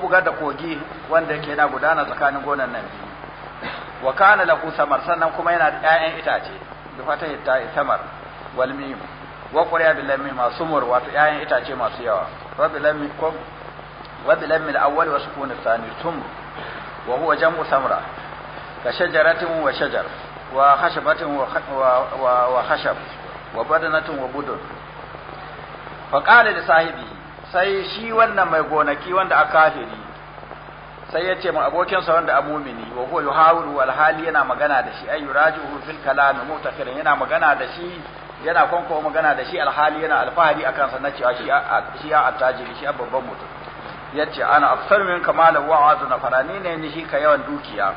buga da kogi wanda yake yana gudana tsakanin gonan nan biyu wa kana lahu samar sannan kuma yana da ƴaƴan itace da fata hitta samar wal mim wa qurya bil lam masu mur wato ƴaƴan itace masu yawa wa bil lam ko wa bil lam al awwal wa sukun al thani wa huwa jam'u samra ka shajaratin wa shajar wa khashabatin wa wa wa khashab wa badanatin wa budun fa qala li sahibihi sai shi wannan mai gonaki wanda a kafiri sai ya ce ma abokinsa wanda a mumini wa huwa yuhawiru alhali yana magana da shi ay yuraji'u fil kalam mutakirin yana magana da shi yana kwanko magana da shi alhali yana alfahari akan sa na cewa shi ya shi a attajiri shi a babban mutum yace ana afsar min kamalan wa na farani ne ni shi ka yawan dukiya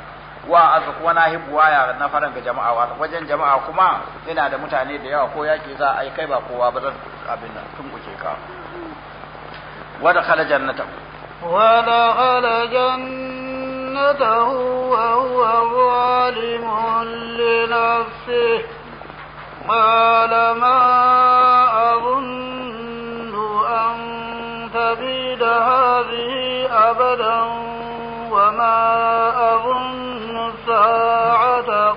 wa azu kuma na hibuwa ya na faran ga jama'a wa wajen jama'a kuma ina da mutane da yawa ko yaki za a yi kai ba kowa ba zan abin nan tunkuke ka ودخل جنته ودخل جنته وهو ظالم لنفسه قال ما أظن أن تبيد هذه أبدا وما أظن الساعة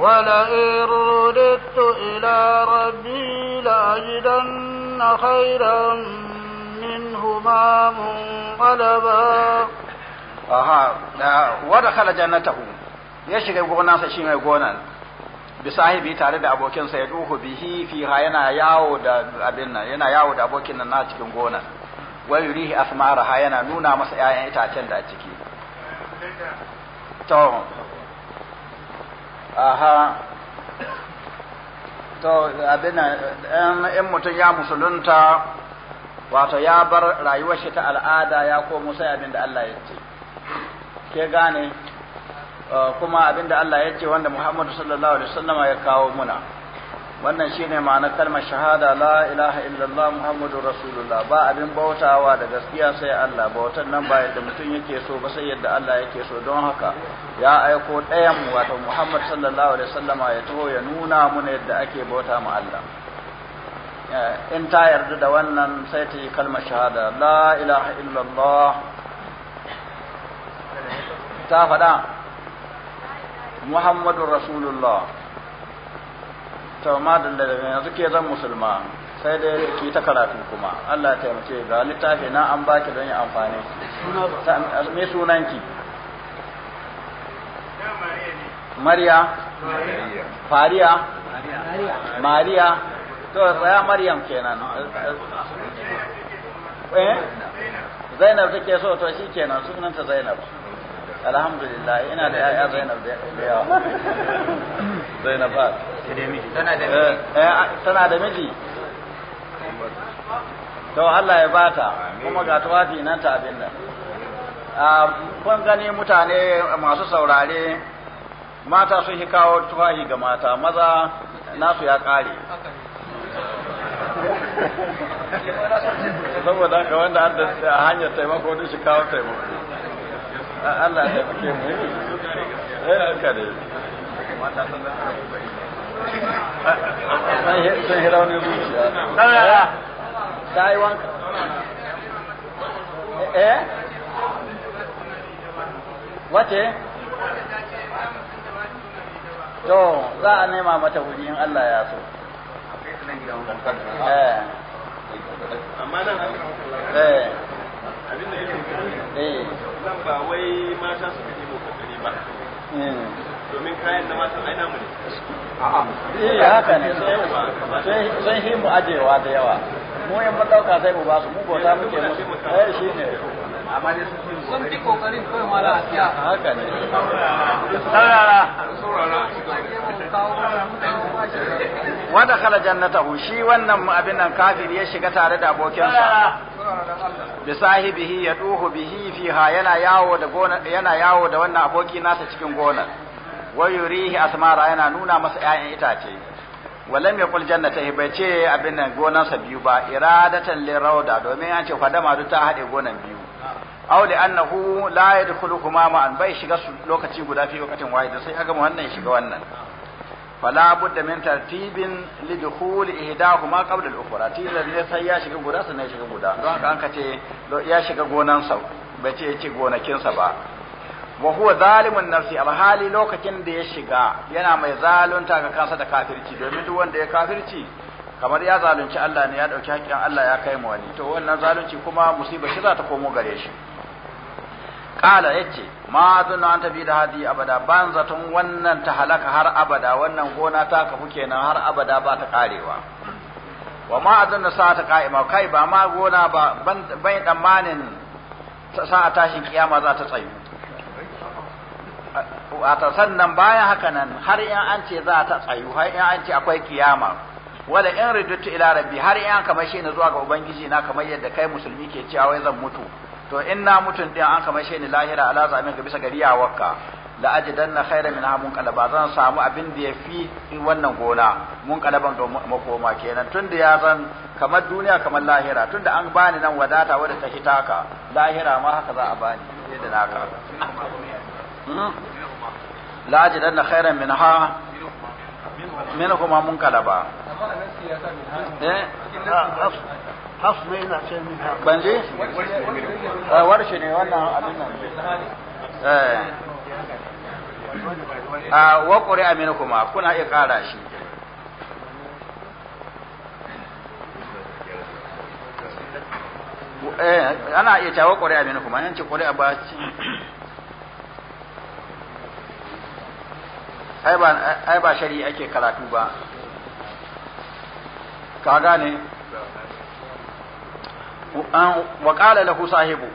ولئن رددت إلى ربي لأجدن خيرا منهما منقلبا aha wada kala jannatahu ya shiga gonarsa shi mai gonan bi tare da abokinsa ya duhu bihi ha yana yawo da abin nan yana yawo da abokin nan na cikin gona wa yurihi ha yana nuna masa 'ya'yan itacen da a ciki to aha to abin in mutum ya musulunta wato ya bar rayuwar shi ta al'ada ya komo sai abin da Allah ya ce ke gane uh, kuma abin da Allah ya ce wanda Muhammadu sallallahu alaihi wasallama ya kawo muna wannan shine ma'anar kalmar shahada la ilaha illallah muhammadur rasulullah ba abin bautawa da gaskiya sai Allah bautan nan ba yadda mutum yake so ba sai yadda Allah yake so don haka ya aiko ɗayan mu wato Muhammad sallallahu alaihi wasallama ya taho ya nuna mana yadda ake bauta ma Allah eh, in ta yarda da wannan sai ta yi kalmar shahada la ilaha illallah ta faɗa Muhammadur rasulullah to ma da yanzu ke zan musulma sai dai ki ta karatu kuma Allah ta mace ga littafi na an baki don yi amfani me ki Mariya Fariya Mariya to tsaya Maryam kenan eh Zainab take so to shi kenan sunanta Zainab alhamdulillah ina da ya'ya Zainab da yawa Zainabad eh, eh, tana da miji to Allah ya bata kuma ga tawafi nan ta abin nan ah, kun gani mutane masu saurare mata su yi kawo tufahi ga mata maza nasu ya kare <laughs> saboda ga wanda an da hanyar taimako da shi kawo taimako Allah ya taimake mu eh haka sun wani zuciya ta yi wanka eh wace to za a nema mata wuri in Allah ya so eh. amma nan eh. yake eh. ba wai mata suka ba domin kayan da matan aina mu ne Eh haka ne sun hi mu ajewa da yawa mu yan madauka sai mu ba su mu bota muke mu eh shine amma dai sun fi kokarin kai mala asiya haka ne sarara sarara wa dakhala jannatahu shi wannan abin nan kafir ya shiga tare da abokinsa bi sahibihi ya duhu bihi fiha yana yawo da gona yana yawo da wannan aboki nasa cikin gonar wa asmara yana nuna masa 'ya'yan itace walam yaqul jannata bai ce abin nan gonarsa biyu ba iradatan rauda domin an ce fadama duk ta hade gonar biyu aw li annahu la ma an bai shiga lokaci guda fi wakatin wahid sai aga gama wannan shiga wannan fala da min tibin li dukhul ihdahuma qabla al-ukhra tilan ne sai ya shiga guda sannan ya shiga guda don haka an ya shiga gonan sa ya ci gonakin ba wa huwa zalimun nafsi alhali lokacin da ya shiga yana mai zalunta ka kansa da kafirci domin duk wanda ya kafirci kamar ya zalunci Allah ne ya ɗauki haƙƙin Allah ya kai mu wani to wannan zalunci kuma musiba shi za ta komo gare shi kala yace ma dunna an tafi da hadi abada ban zaton wannan ta halaka har abada wannan gona ta kafu kenan har abada ba ta karewa wa ma sa ta ka'ima kai ba ma gona ba bai tsammanin sa'a tashin kiyama za ta tsayu wata sannan bayan haka nan har in an ce za ta tsayu har in an ce akwai kiyama wala in ridutu ila rabbi har in an kamar shi na zuwa ga ubangiji na kamar yadda kai musulmi ke cewa wai zan mutu to in na mutun din an kama shi ni lahira ala zamin ga bisa gari ya wakka la ajidanna khairan min hamun qalaba zan samu abin da yafi wannan gona mun kalaban da makoma kenan tunda ya zan kamar duniya kamar lahira tunda an bani nan wadata wadda ta hita ka lahira ma haka za a bani da naka hmm? la na khairan min ha min kuma mun kalaba eh hafs ne yana ce min haka ban je eh, warshe ne wannan abin nan eh. a ah, wa qur'a kuma kuna iya ƙara shi eh, ana iya cewa ƙuri'a mini kuma yanci ƙuri'a ba ai ba shari'a ake karatu ba ka gane وقال له صاحبه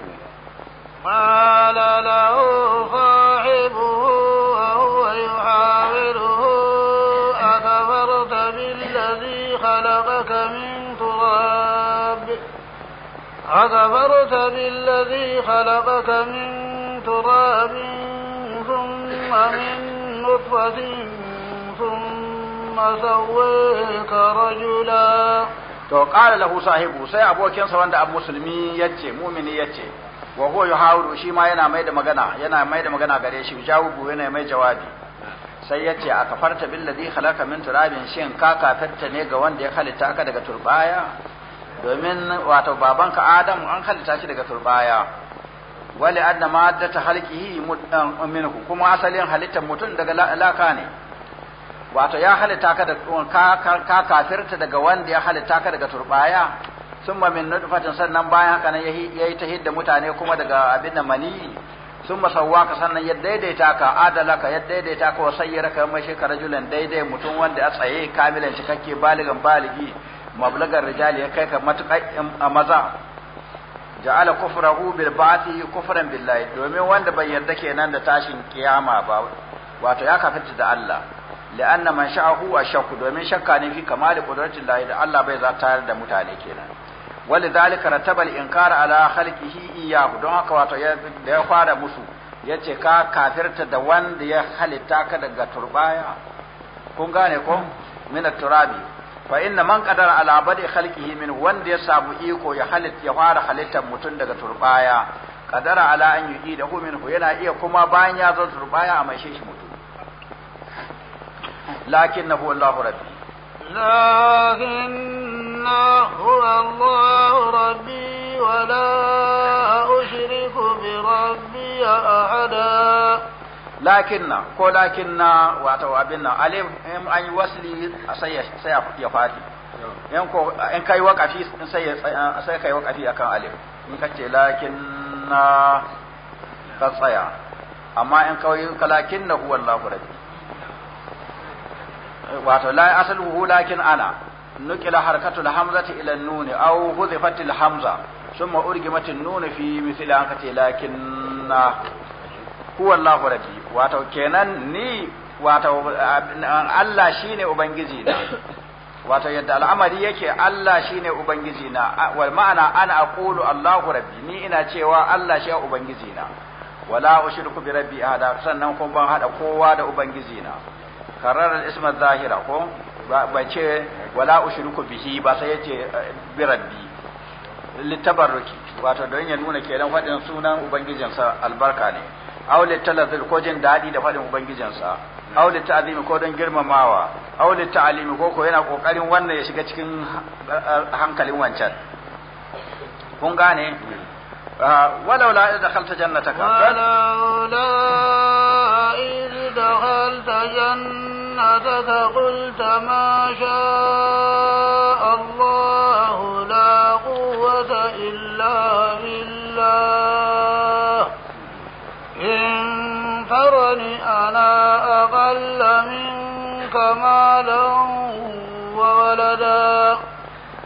قال له صاحبه وهو يحاوره أكفرت بالذي خلقك من تراب أكفرت بالذي خلقك من تراب ثم من نطفة ثم سويك رجلاً to qala lahu sahibu sai abokinsa wanda abu musulmi yace mumini yace wa huwa yuhawiru shi ma yana mai da magana yana mai da magana gare shi jawabu yana mai jawabi sai yace a kafarta billazi khalaqa min turabin shin ka kafarta ne ga wanda ya halitta ka daga turbaya domin wato babanka adam an halitta shi daga turbaya wali adna ta halqihi minhu kuma asalin halittar mutum daga laka ne wato ya halitta ka da ka kafirta daga wanda ya halitta ka daga turbaya summa min nutfatin sannan bayan haka nan yayi ta hidda mutane kuma daga abin nan mani summa sawwaka sannan ya daidaita ka adalaka ya daidaita ka wasayyara ka mai shi rajulan daidai mutum wanda ya tsaye kamilan cikakke baligan baligi mablagar rijali ya kai ka matuƙa a maza ja'ala kufrahu bil ba'thi kufran billahi domin wanda bai yarda kenan da tashin kiyama ba wato ya kafirta da Allah la'anna man sha'ahu wa shakku domin shakka ne fi kamali qudratin lahi da Allah bai za tayar da mutane kenan wali zalika rataba al-inkar ala khalqihi iyyahu don haka wato da ya fara musu yace ka kafirta da wanda ya halitta ka daga turbaya kun gane ko min turabi fa inna man qadara ala badi khalqihi min wanda ya samu iko ya halitta ya fara halittar mutum daga an yana iya kuma bayan ya zo a lakinnahu Allahu rabbi lakinnahu Allahu rabbi wa la ushriku bi rabbi ko lakinna wato abin nan an yi wasli sai ya fadi in kai waqafi sai sai kai waqafi akan alif in ka tsaya amma in kawai kalakinna huwa Allahu rabbi wato la asaluhu lakin ana. nukila harkatul hamzati ila nuni aw huzifat al hamza thumma urgimat an nun fi misli an kace lakin huwa allah rabbi wato kenan ni wato Allah shine ubangiji na wato yadda al'amari yake Allah shine ubangiji na wal ma'ana ana aqulu Allahu rabbi ni ina cewa Allah shi ubangiji na wala ushriku bi rabbi ahada sannan kuma ban hada kowa da ubangiji na kararar isma zahira ko ba ce wala ushriku bihi ba sai yace bi rabbi litabarruki wato don ya nuna kenan fadin sunan ubangijinsa albarka ne aw talazil ko jin dadi da fadin ubangijinsa aw ta'zimi ko don girmamawa aw ta'alimi ko ko yana kokarin wannan ya shiga cikin hankalin wancan kun gane آه، ولولا إذ دخلت جنتك ولولا إذ دخلت جنتك قلت ما شاء الله لا قوة إلا بالله إن ترني أنا أقل منك مالا وولدا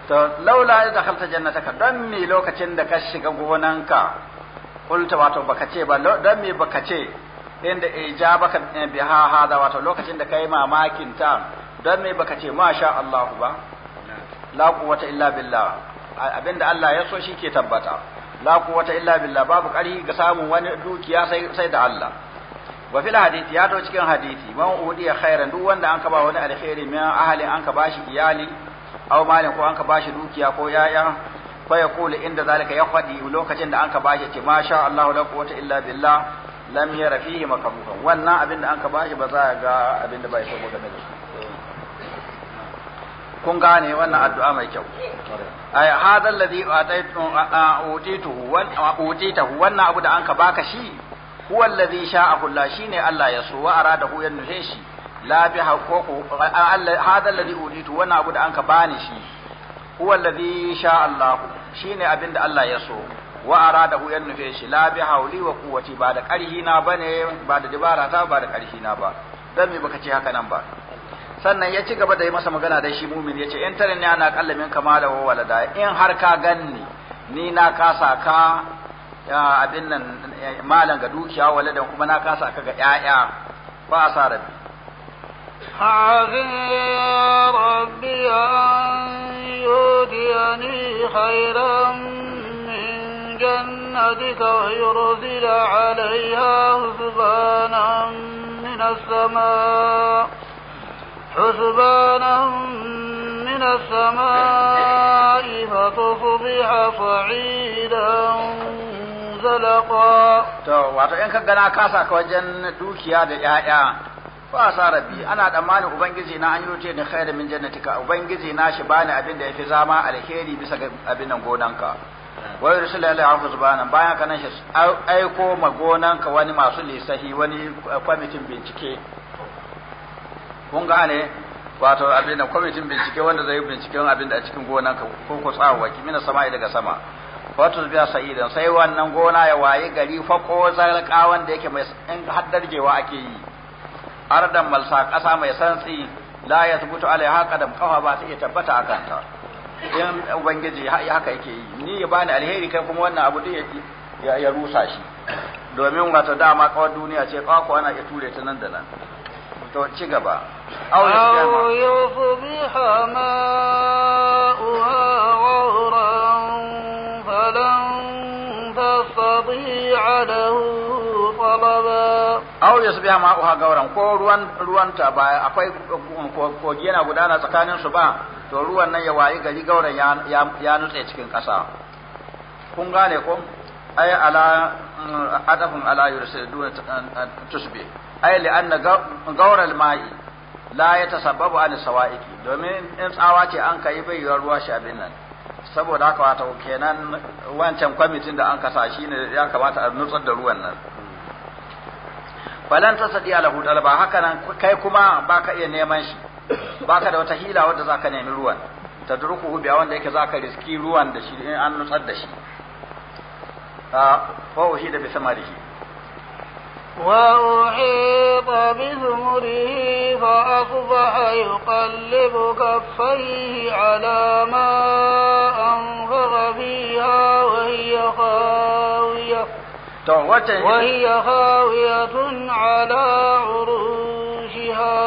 to laula idza dakhalta jannataka don me lokacin da ka shiga gonanka kulta wato baka ce ba don me baka ce inda ha ha da wato lokacin da kai mamakin ta don me baka ce masha Allah ba la quwwata illa billah abinda Allah ya so shi ke tabbata la quwwata illa billah babu ƙari ga samun wani dukiya sai sai da Allah wa fil hadithi ya to cikin hadisi man udiya khairan duk wanda an ka ba wani alkhairi min ahli an ka bashi iyali aw malin ko an ka bashi dukiya ko yaya fa yaqulu inda zalika ya fadi lokacin da an ka bashi ce masha Allah la quwwata illa billah lam yara fihi makamukan wannan abin da an ka bashi ba za a ga abin da bai so game da shi kun gane wannan addu'a mai kyau ay hadha alladhi utituhu utitahu wannan abu da an ka baka shi huwa alladhi sha'a Allah shine Allah ya so wa arada hu ya nuhe shi la bi haqqu hadha alladhi uditu abu da anka bani shi huwa alladhi sha Allah shine abin da Allah ya so wa hu yan nufe shi la bi hauli wa quwwati ba da karhi na bane ba da dibara ta ba da karhi na ba dan me baka ce haka nan ba sannan ya ci gaba da yi masa magana da shi mumin ya ce in tare ne ana kalla min kama da walada in har ka ganni ni na kasa ka abin nan malan ga dukiya waladan kuma na kasa ka ga yaya ba sa عسى ربي أن يؤتيني خيرا من جنتك ويرسل عليها حسبانا من السماء حسبانا من السماء فتصبح صعيدا زلقا. تو واتو إنك جنا كاسك وجن دوكيا دي fa sa rabbi ana tsammanin ubangiji na an yute ni khairu min jannatika ubangiji na shi bani abin da yafi zama alheri bisa ga abin nan gonanka wa yursil ala husbana bayan kana shi aiko ma gonanka wani masu lisahi wani kwamitin bincike kun ne wato abin da kwamitin bincike wanda zai binciken abin da a cikin gonanka ko ku tsawa ki mina sama'i daga sama wato biya sa'idan sai wannan gona ya waye gari fa ko zalqawan da yake mai haddarjewa jewa ake yi ardan malsa ƙasa mai santsi la ya tubutu haka da kafa ba ta iya tabbata a kanta in ubangiji haka yake yi ni ya bani alheri kai kuma wannan abu duk ya rusa shi domin wata dama kawar duniya ce ko ana iya ture ta nan da nan to ci gaba aw yusbiha ma'uha ghawran falan tastati'a lahu aw ma uha gauran ko ruwan ruwanta ba akwai kogi yana gudana tsakanin su ba to ruwan nan ya wayi gari gauran ya nutse cikin kasa kun gane ko ay ala mm, adafun ala yursidun eh, tusbi ay li anna gaura al-ma'i la yatasabbabu an sawa'iki domin in tsawa ce an kai bai ruwa shi abin nan saboda haka wata kenan wancan kwamitin da an kasa shine ya kamata a nutsar da ruwan nan falan ta alahu talaba haka nan kai kuma baka iya neman shi baka da wata hila wadda zaka nemi ruwan tadrukuhu bi wanda yake zaka riski ruwan da shi in an nutsar da shi fa ah, uhida bi samarihi وأحيط بثمره فأصبح يقلب كفيه على ما أنفق فيها وهي خاوية to wacce wa hiya khawiyatun ala urushiha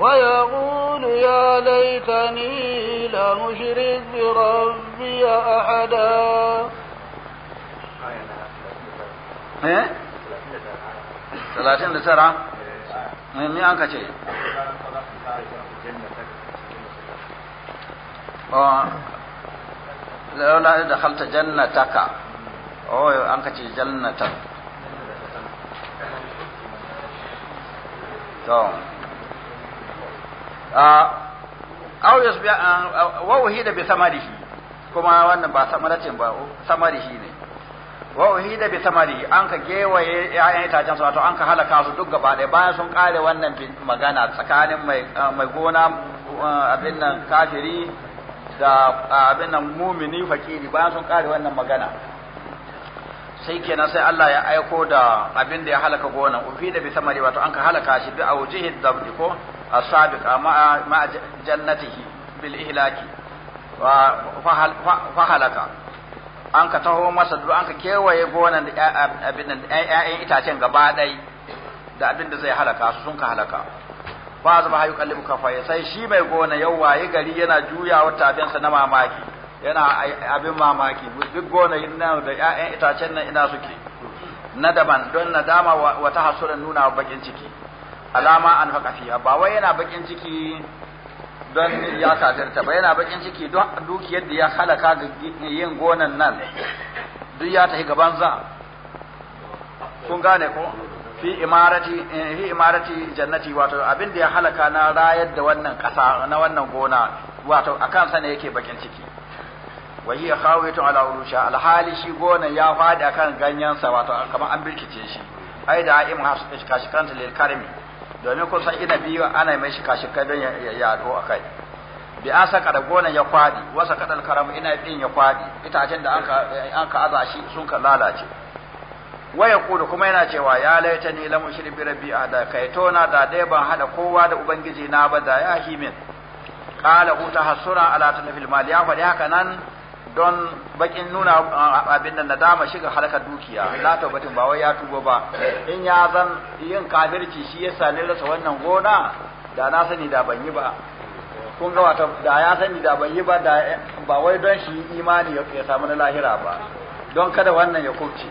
wa yaqulu ya laitani la mushrik bi rabbi ahada لولا دخلت جنتك oh an ka ce jannatan to aw ah, yasbi ah, wa uhida bi samarihi kuma wannan ba samaratin ba samarihi ne wa uhida bi samarihi an ka gewaye ƴaƴan itacen su wato an ka halaka su duk gaba ɗaya bayan sun kare wannan magana tsakanin mai ah, mai gona abin nan kafiri da abin nan mumini fakiri bayan sun kare wannan magana sai kenan sai Allah ya aiko da abin da ya halaka gonan ufi da bi samari wato an ka halaka shi bi awjihi dabdi ko asabiq ma ma jannatihi bil ihlaki wa halaka an ka taho masa duk an ka kewaye gonan da abin da ƴaƴan itacen gaba dai da abin da zai halaka su sun ka halaka fa zaba hayu kallibu kafa sai shi mai gona yau waye gari yana juyawa tafiyansa na mamaki yana abin mamaki duk gona nan da ƴaƴan itacen nan ina suke na daban don nadama wa tahassulan nuna bakin ciki alama an faka fiya ba wai yana bakin ciki don ya kafirta ba yana bakin ciki don dukiyar da ya halaka ga yin gonan nan duk ya tafi gaban za kun gane ko fi imarati eh, fi imarati jannati wato abin da ya halaka na rayar da wannan kasa na wannan gona wato akan sa ne yake bakin ciki Wai ya kawo khawiyatun ala urusha alhali shi gonan ya fadi akan ganyen sa wato kamar an birkice shi ai da im hasu kashikanta lil karmi domin kun san ina biyu ana mai shi kai don ya yado akai bi asa kada da gonan ya kwadi wasa kadal karamu ina din ya kwadi itacen da anka anka aza shi sun ka lalace waya kudu kuma yana cewa ya laita ni lamun shiri bi rabbi ada kai na da dai ban hada kowa da ubangiji na ba da ya himin qala hu hasura ala tanfil mal ya faɗi haka nan don bakin nuna abin da nadama shiga harkar dukiya la tabbatin ba wai ya tuba ba in ya zan yin kafirci shi yasa ne rasa wannan gona da na sani da ban yi ba kun ga wata da ya sani da ban yi ba da ba wai don shi imani ya samu na lahira ba don kada wannan ya kubce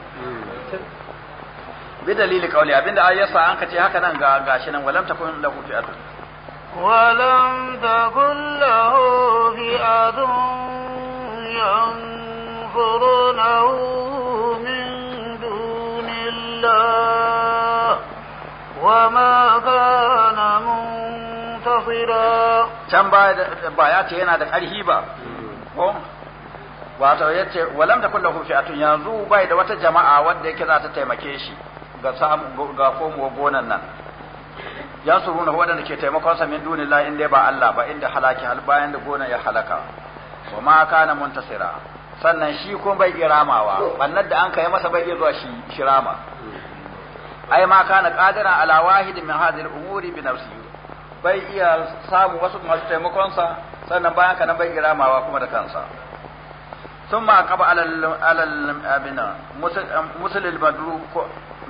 bi dalili kauli abinda ayyasa an kace haka nan ga gashi nan walam takun lahu fi'atun ولم تكن له فئة ينفرونه من دون الله وما كان منتصرا can ba ya ce yana da ƙarhi ba ko wato ya ce walam da kullahu fi'atun yanzu bai da wata jama'a wanda yake za ta taimake shi ga ga komo gonan nan ya suruna wadanda ke taimakon sa min dunillahi inda ba Allah ba inda halaki hal bayan da gonan ya halaka wa ma kana muntasira sannan shi kun bai iya ramawa da an kai masa bai iya zuwa shi shi rama ai ma kana qadiran ala wahidin min hadhihi umuri bi nafsihi bai iya samu wasu masu taimakon sa sannan bayan ka kana bai iya kuma da kansa sun عقب على ال على الابناء مثل المدروب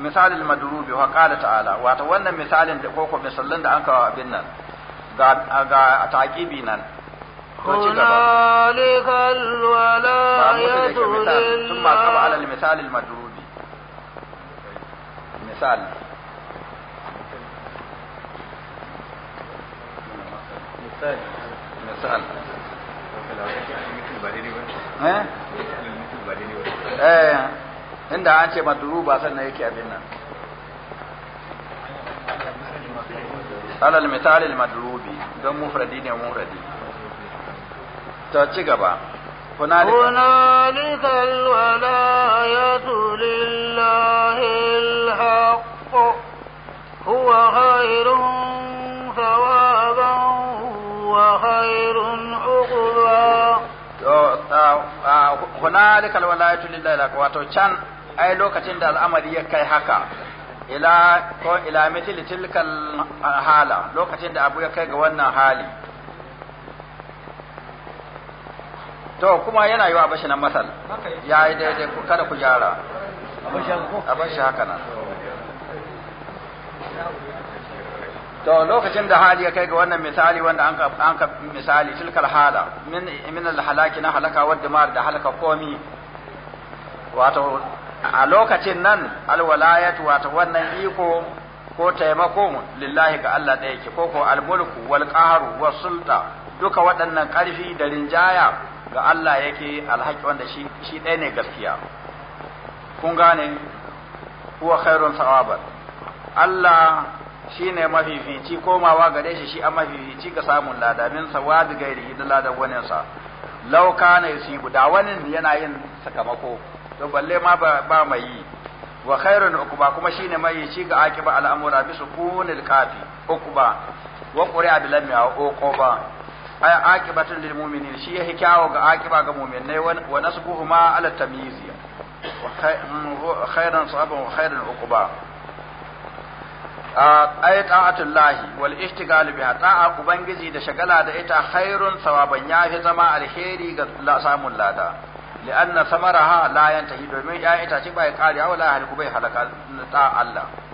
مثال المدروب وقال تعالى واتو wannan misalin da koko misallan da anka abin nan ga ga taqibi nan هنالك الولاية ثم طبع على المثال المدروج مثال مثال مثال المدروبي ده مفردين ومفردين kuna lika lwallaya kuna lika lwallaya tullillahi lhaqo wato can aya lokacin da al'amadi ya kai haka illa mitinitin kan hala lokacin da abu ya kai ga wannan hali. to kuma yana yi wa bashi nan matsal. ya yi daidai kada ku gyara a bashi haka nan to lokacin da hali ya kai ga wannan misali wanda an ka misali tilkal hala min halaki na halaka wadda mar da halaka komi wato a lokacin nan al walayat wato wannan iko ko taimako lillahi ga Allah ɗaya yake ko ko al mulku wal qahru was sulta duka waɗannan ƙarfi da rinjaya ga Allah yake alhaki wanda shi shi ɗaya ne gaskiya kun gane huwa khairun sawaban Allah shi ne mafifici komawa gare shi shi a mafifici ga samun ladamin sawabi sawadi gairi da ladan wani sa law kana yi da wani yana yin sakamako to balle ma ba mai yi wa khairun ukuba kuma shine mai shi ga akiba al'amura bisu kunil kafi ukuba wa quri'a bi lamma ba. ay aqibatul lil mu'minin shi yake kyawo ga aqiba ga mu'minai wa nasbuhuma ala tamyiz wa khairan sahaban wa khairan uquba ah, ay ta'atullahi wal ishtigal biha ta'a ubangiji da shagala da ita khairun sawaban yafi zama alheri ga samun lada li'anna samaraha la yantahi domin ya ita ci bai kariya wala halku bai halaka ta Allah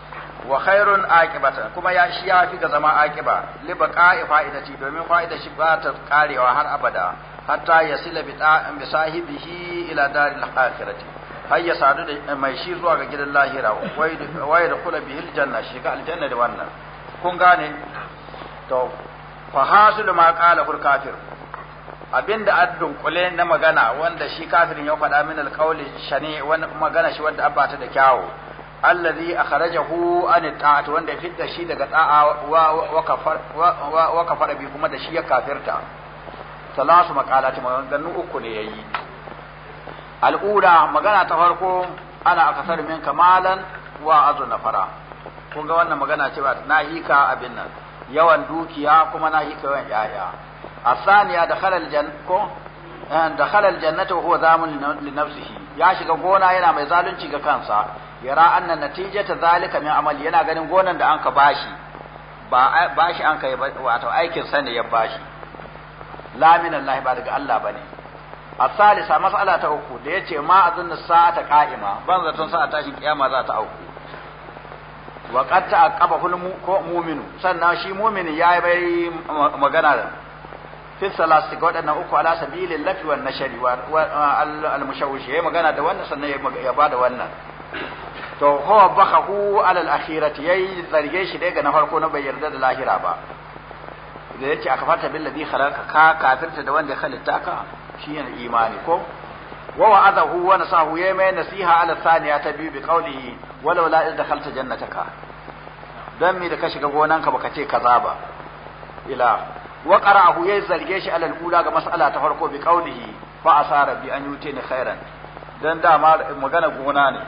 wa khairun aqibatan kuma ya shi ya fi ga zama aqiba li baqa'i fa'idati domin fa'ida shi ba ta karewa har abada hatta yasila bi ta'an bi sahibihi ila daril akhirati har sadu da mai shi zuwa ga gidan lahira wa kula bihil janna shi ga aljanna da wannan kun gane to fa hasul ma qala kul kafir abinda addun kule na magana wanda shi kafirin ya faɗa min alqawli shani wani magana shi wanda abata da kyawu allazi akhrajahu an ta'at wanda fidda shi daga ta'a wa kafar wa kafara bi kuma da shi ya kafirta salasu maqalati maganganu uku ne yayi al'ura magana ta farko ana akasar min kamalan wa azu nafara kun ga wannan magana cewa nahika abin nan yawan dukiya kuma na nahika yawan yaya asaniya da khalal jan ko da khalal jannata huwa zamun li nafsihi ya shiga gona yana mai zalunci ga kansa yara annan natijata zalika min amali yana ganin gonan da anka bashi ba bashi anka yi wato aikin sa ne ya bashi la min Allah ba daga Allah bane asalisa mas'ala ta uku da yace ma azunnu sa'ata qa'ima ban zaton sa'a tashin kiyama za ta auku wa qad ta'aqaba ko mu'minu sannan shi mu'mini yayi bai magana da fi salasi ga waɗannan uku ala sabilin lafi wa nashari wa al mushawishi magana da wannan sannan ya bada wannan to huwa bakahu alal akhirati yayi zarge shi daga na farko na bai yarda da lahira ba da yace aka fata bil ladhi khalaqa ka kafirta da wanda halitta ka shi yana imani ko wa wa'adahu wa nasahu yayi mai nasiha ala thaniya ta biyu bi qawlihi walau la id dakhalta jannataka dan mi da ka shiga gonanka baka ce kaza ba ila wa qara'ahu yayi zarge shi alal ula ga mas'ala ta farko bi qawlihi fa asara bi an yutina khairan dan dama magana gona ne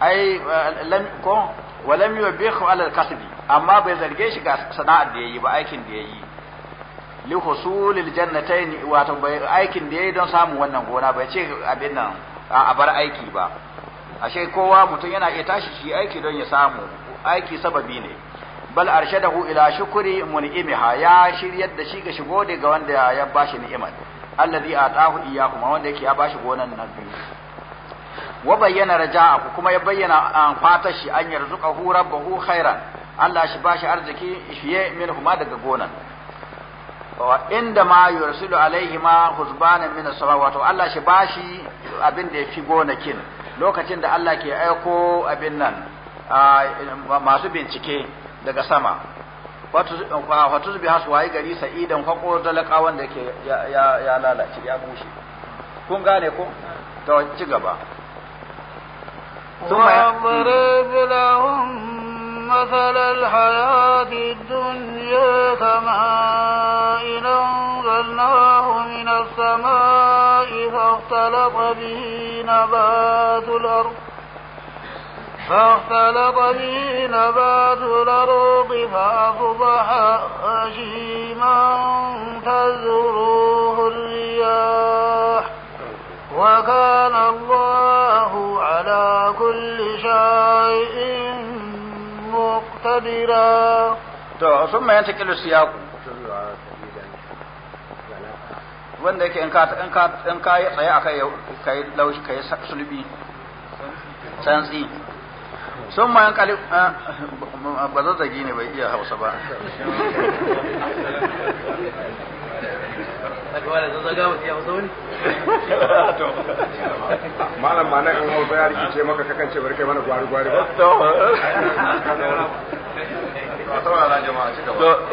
ai lam ko walam yubikhu ala al-kasbi amma bai zarge shi ga sana'ar da yayi ba aikin da yayi li husulil jannatayn wato bai aikin da yayi don samun wannan gona bai ce abin nan a bar aiki ba ashe kowa mutum yana iya tashi shi aiki don ya samu aiki sababi ne bal arshadahu ila shukri mun'imiha ya shiryar da shi ga shigo ga wanda ya bashi ni'imar allazi atahu kuma wanda yake ya bashi gonan nan biyu wa bayyana raja'ahu kuma ya bayyana an ah, fata shi an yarzuqahu rabbahu khairan Allah shi bashi arziki fiye min kuma daga gonan inda ma yursilu alaihi ma huzbanan min as-samawati Allah shi bashi abin da yafi gonakin lokacin da Allah ke aiko abin nan ah, masu bincike daga sama wato bi hasu wayi gari sa'idan fako zalaka wanda ke ya lalace ya bushe kun gane ko to ci gaba واضرب لهم مثل الحياة الدنيا كماء أنزلناه من السماء فاختلط به نبات الأرض فاختلط به نبات الأرض فأصبح هشيما تزوره الرياح وكان الله على كل شيء مقتدرا ثم ينتقل السياق wanda yake in ka in ka in ka yi tsaye akai kai laushi kai sulbi santsi sun ma kali eh, ba zazzagi ne bai iya hausa ba <laughs> malam ma nan an hausa ya rikice maka kakan ce barkai mana gwari gwari ba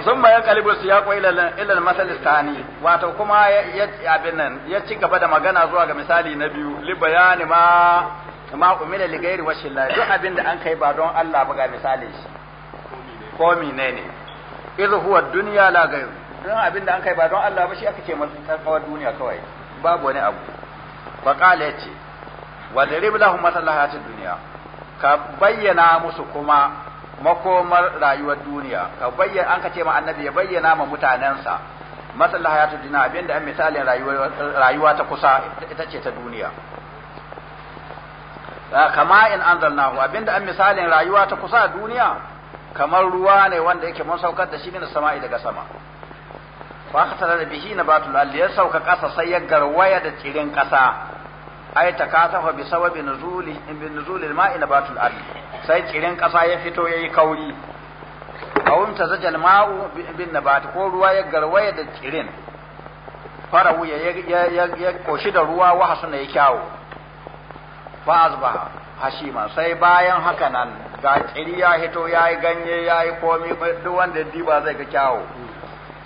sun bayan kalibu su ya kwai ilal masal istani wato kuma ya abin nan ya ci gaba da magana zuwa ga misali na biyu li bayani ma ma umila li gairi washin la duk abin da an kai ba don Allah ba ga misali shi komi ne ne idh huwa dunya la don abin da an kai ba don Allah ba shi aka ce kawar duniya kawai babu wani abu fa qala yace wa darib lahum masalahati dunya ka bayyana musu kuma makomar rayuwar duniya ka bayyana an ka ce ma annabi ya bayyana ma mutanensa masalahati dunya ah, abin da an misalin rayuwa ta kusa ita ce ta duniya kama in anzalnahu abinda an misalin rayuwa ta kusa duniya kamar ruwa ne wanda yake mun saukar da shi min sama'i daga sama fa da bihi nabatul alli ya sauka kasa sai ya garwaya da tsirin kasa ai ta kasafa bi sababi nuzuli in bi nuzulil ma'i nabatul alli. sai tsirin kasa ya fito yayi kauri awun zajal ma'u bin nabat ko ruwa ya garwaya da tsirin farahu ya ya koshi da ruwa wa hasuna ya kyawo fa azba hashima sai bayan haka nan ga tsiri ya hito yayi ganye yayi komai duk wanda ba zai ga kyawo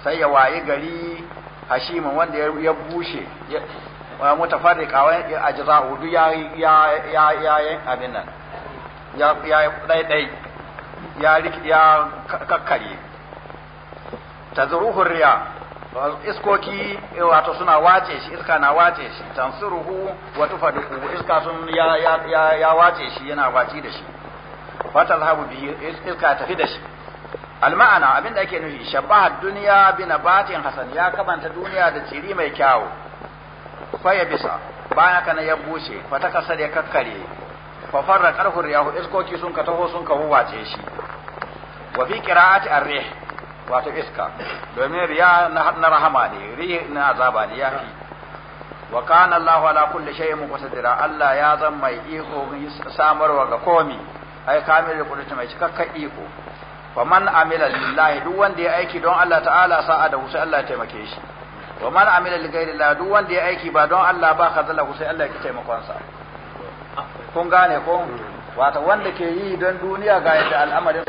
sai ya wayi gari hashimin wanda ya bushe wa mutafarriqa wa ajza'u hudu ya ya ya ya abin nan ya ya dai dai ya ya kakkare tazruhu riya iskoki wato suna wace shi iska na wace shi tansuruhu wa tufaduhu iska sun ya ya ya wace shi yana baci da shi fatal habu bi iska tafi da shi alma'ana abin da ake nufi shabaha duniya bi nabatin hasan ya kamanta duniya da ciri mai kyawu fa ya bisa bayan kana ya bushe fa ta kasar ya kakkare fa farra qarhur riyahu iskoki sun ka taho sun ka huwace shi wa fi qira'ati ar-rih wato iska domin riya na rahama ne riya na azaba ne yafi wa kana Allahu ala kulli shay'in muqtadira Allah ya zama mai iko samarwa ga komi ai kamilul qudrati mai cikakken iko faman amila lillahi duk wanda ya aiki don Allah ta'ala sa'a da sai Allah ya taimake shi wa man amila li ghairi Allah duk wanda ya aiki ba don Allah ba khazala sai Allah ya taimakon sa kun gane ko mm. wata wanda ke yi don duniya ga yadda al'amarin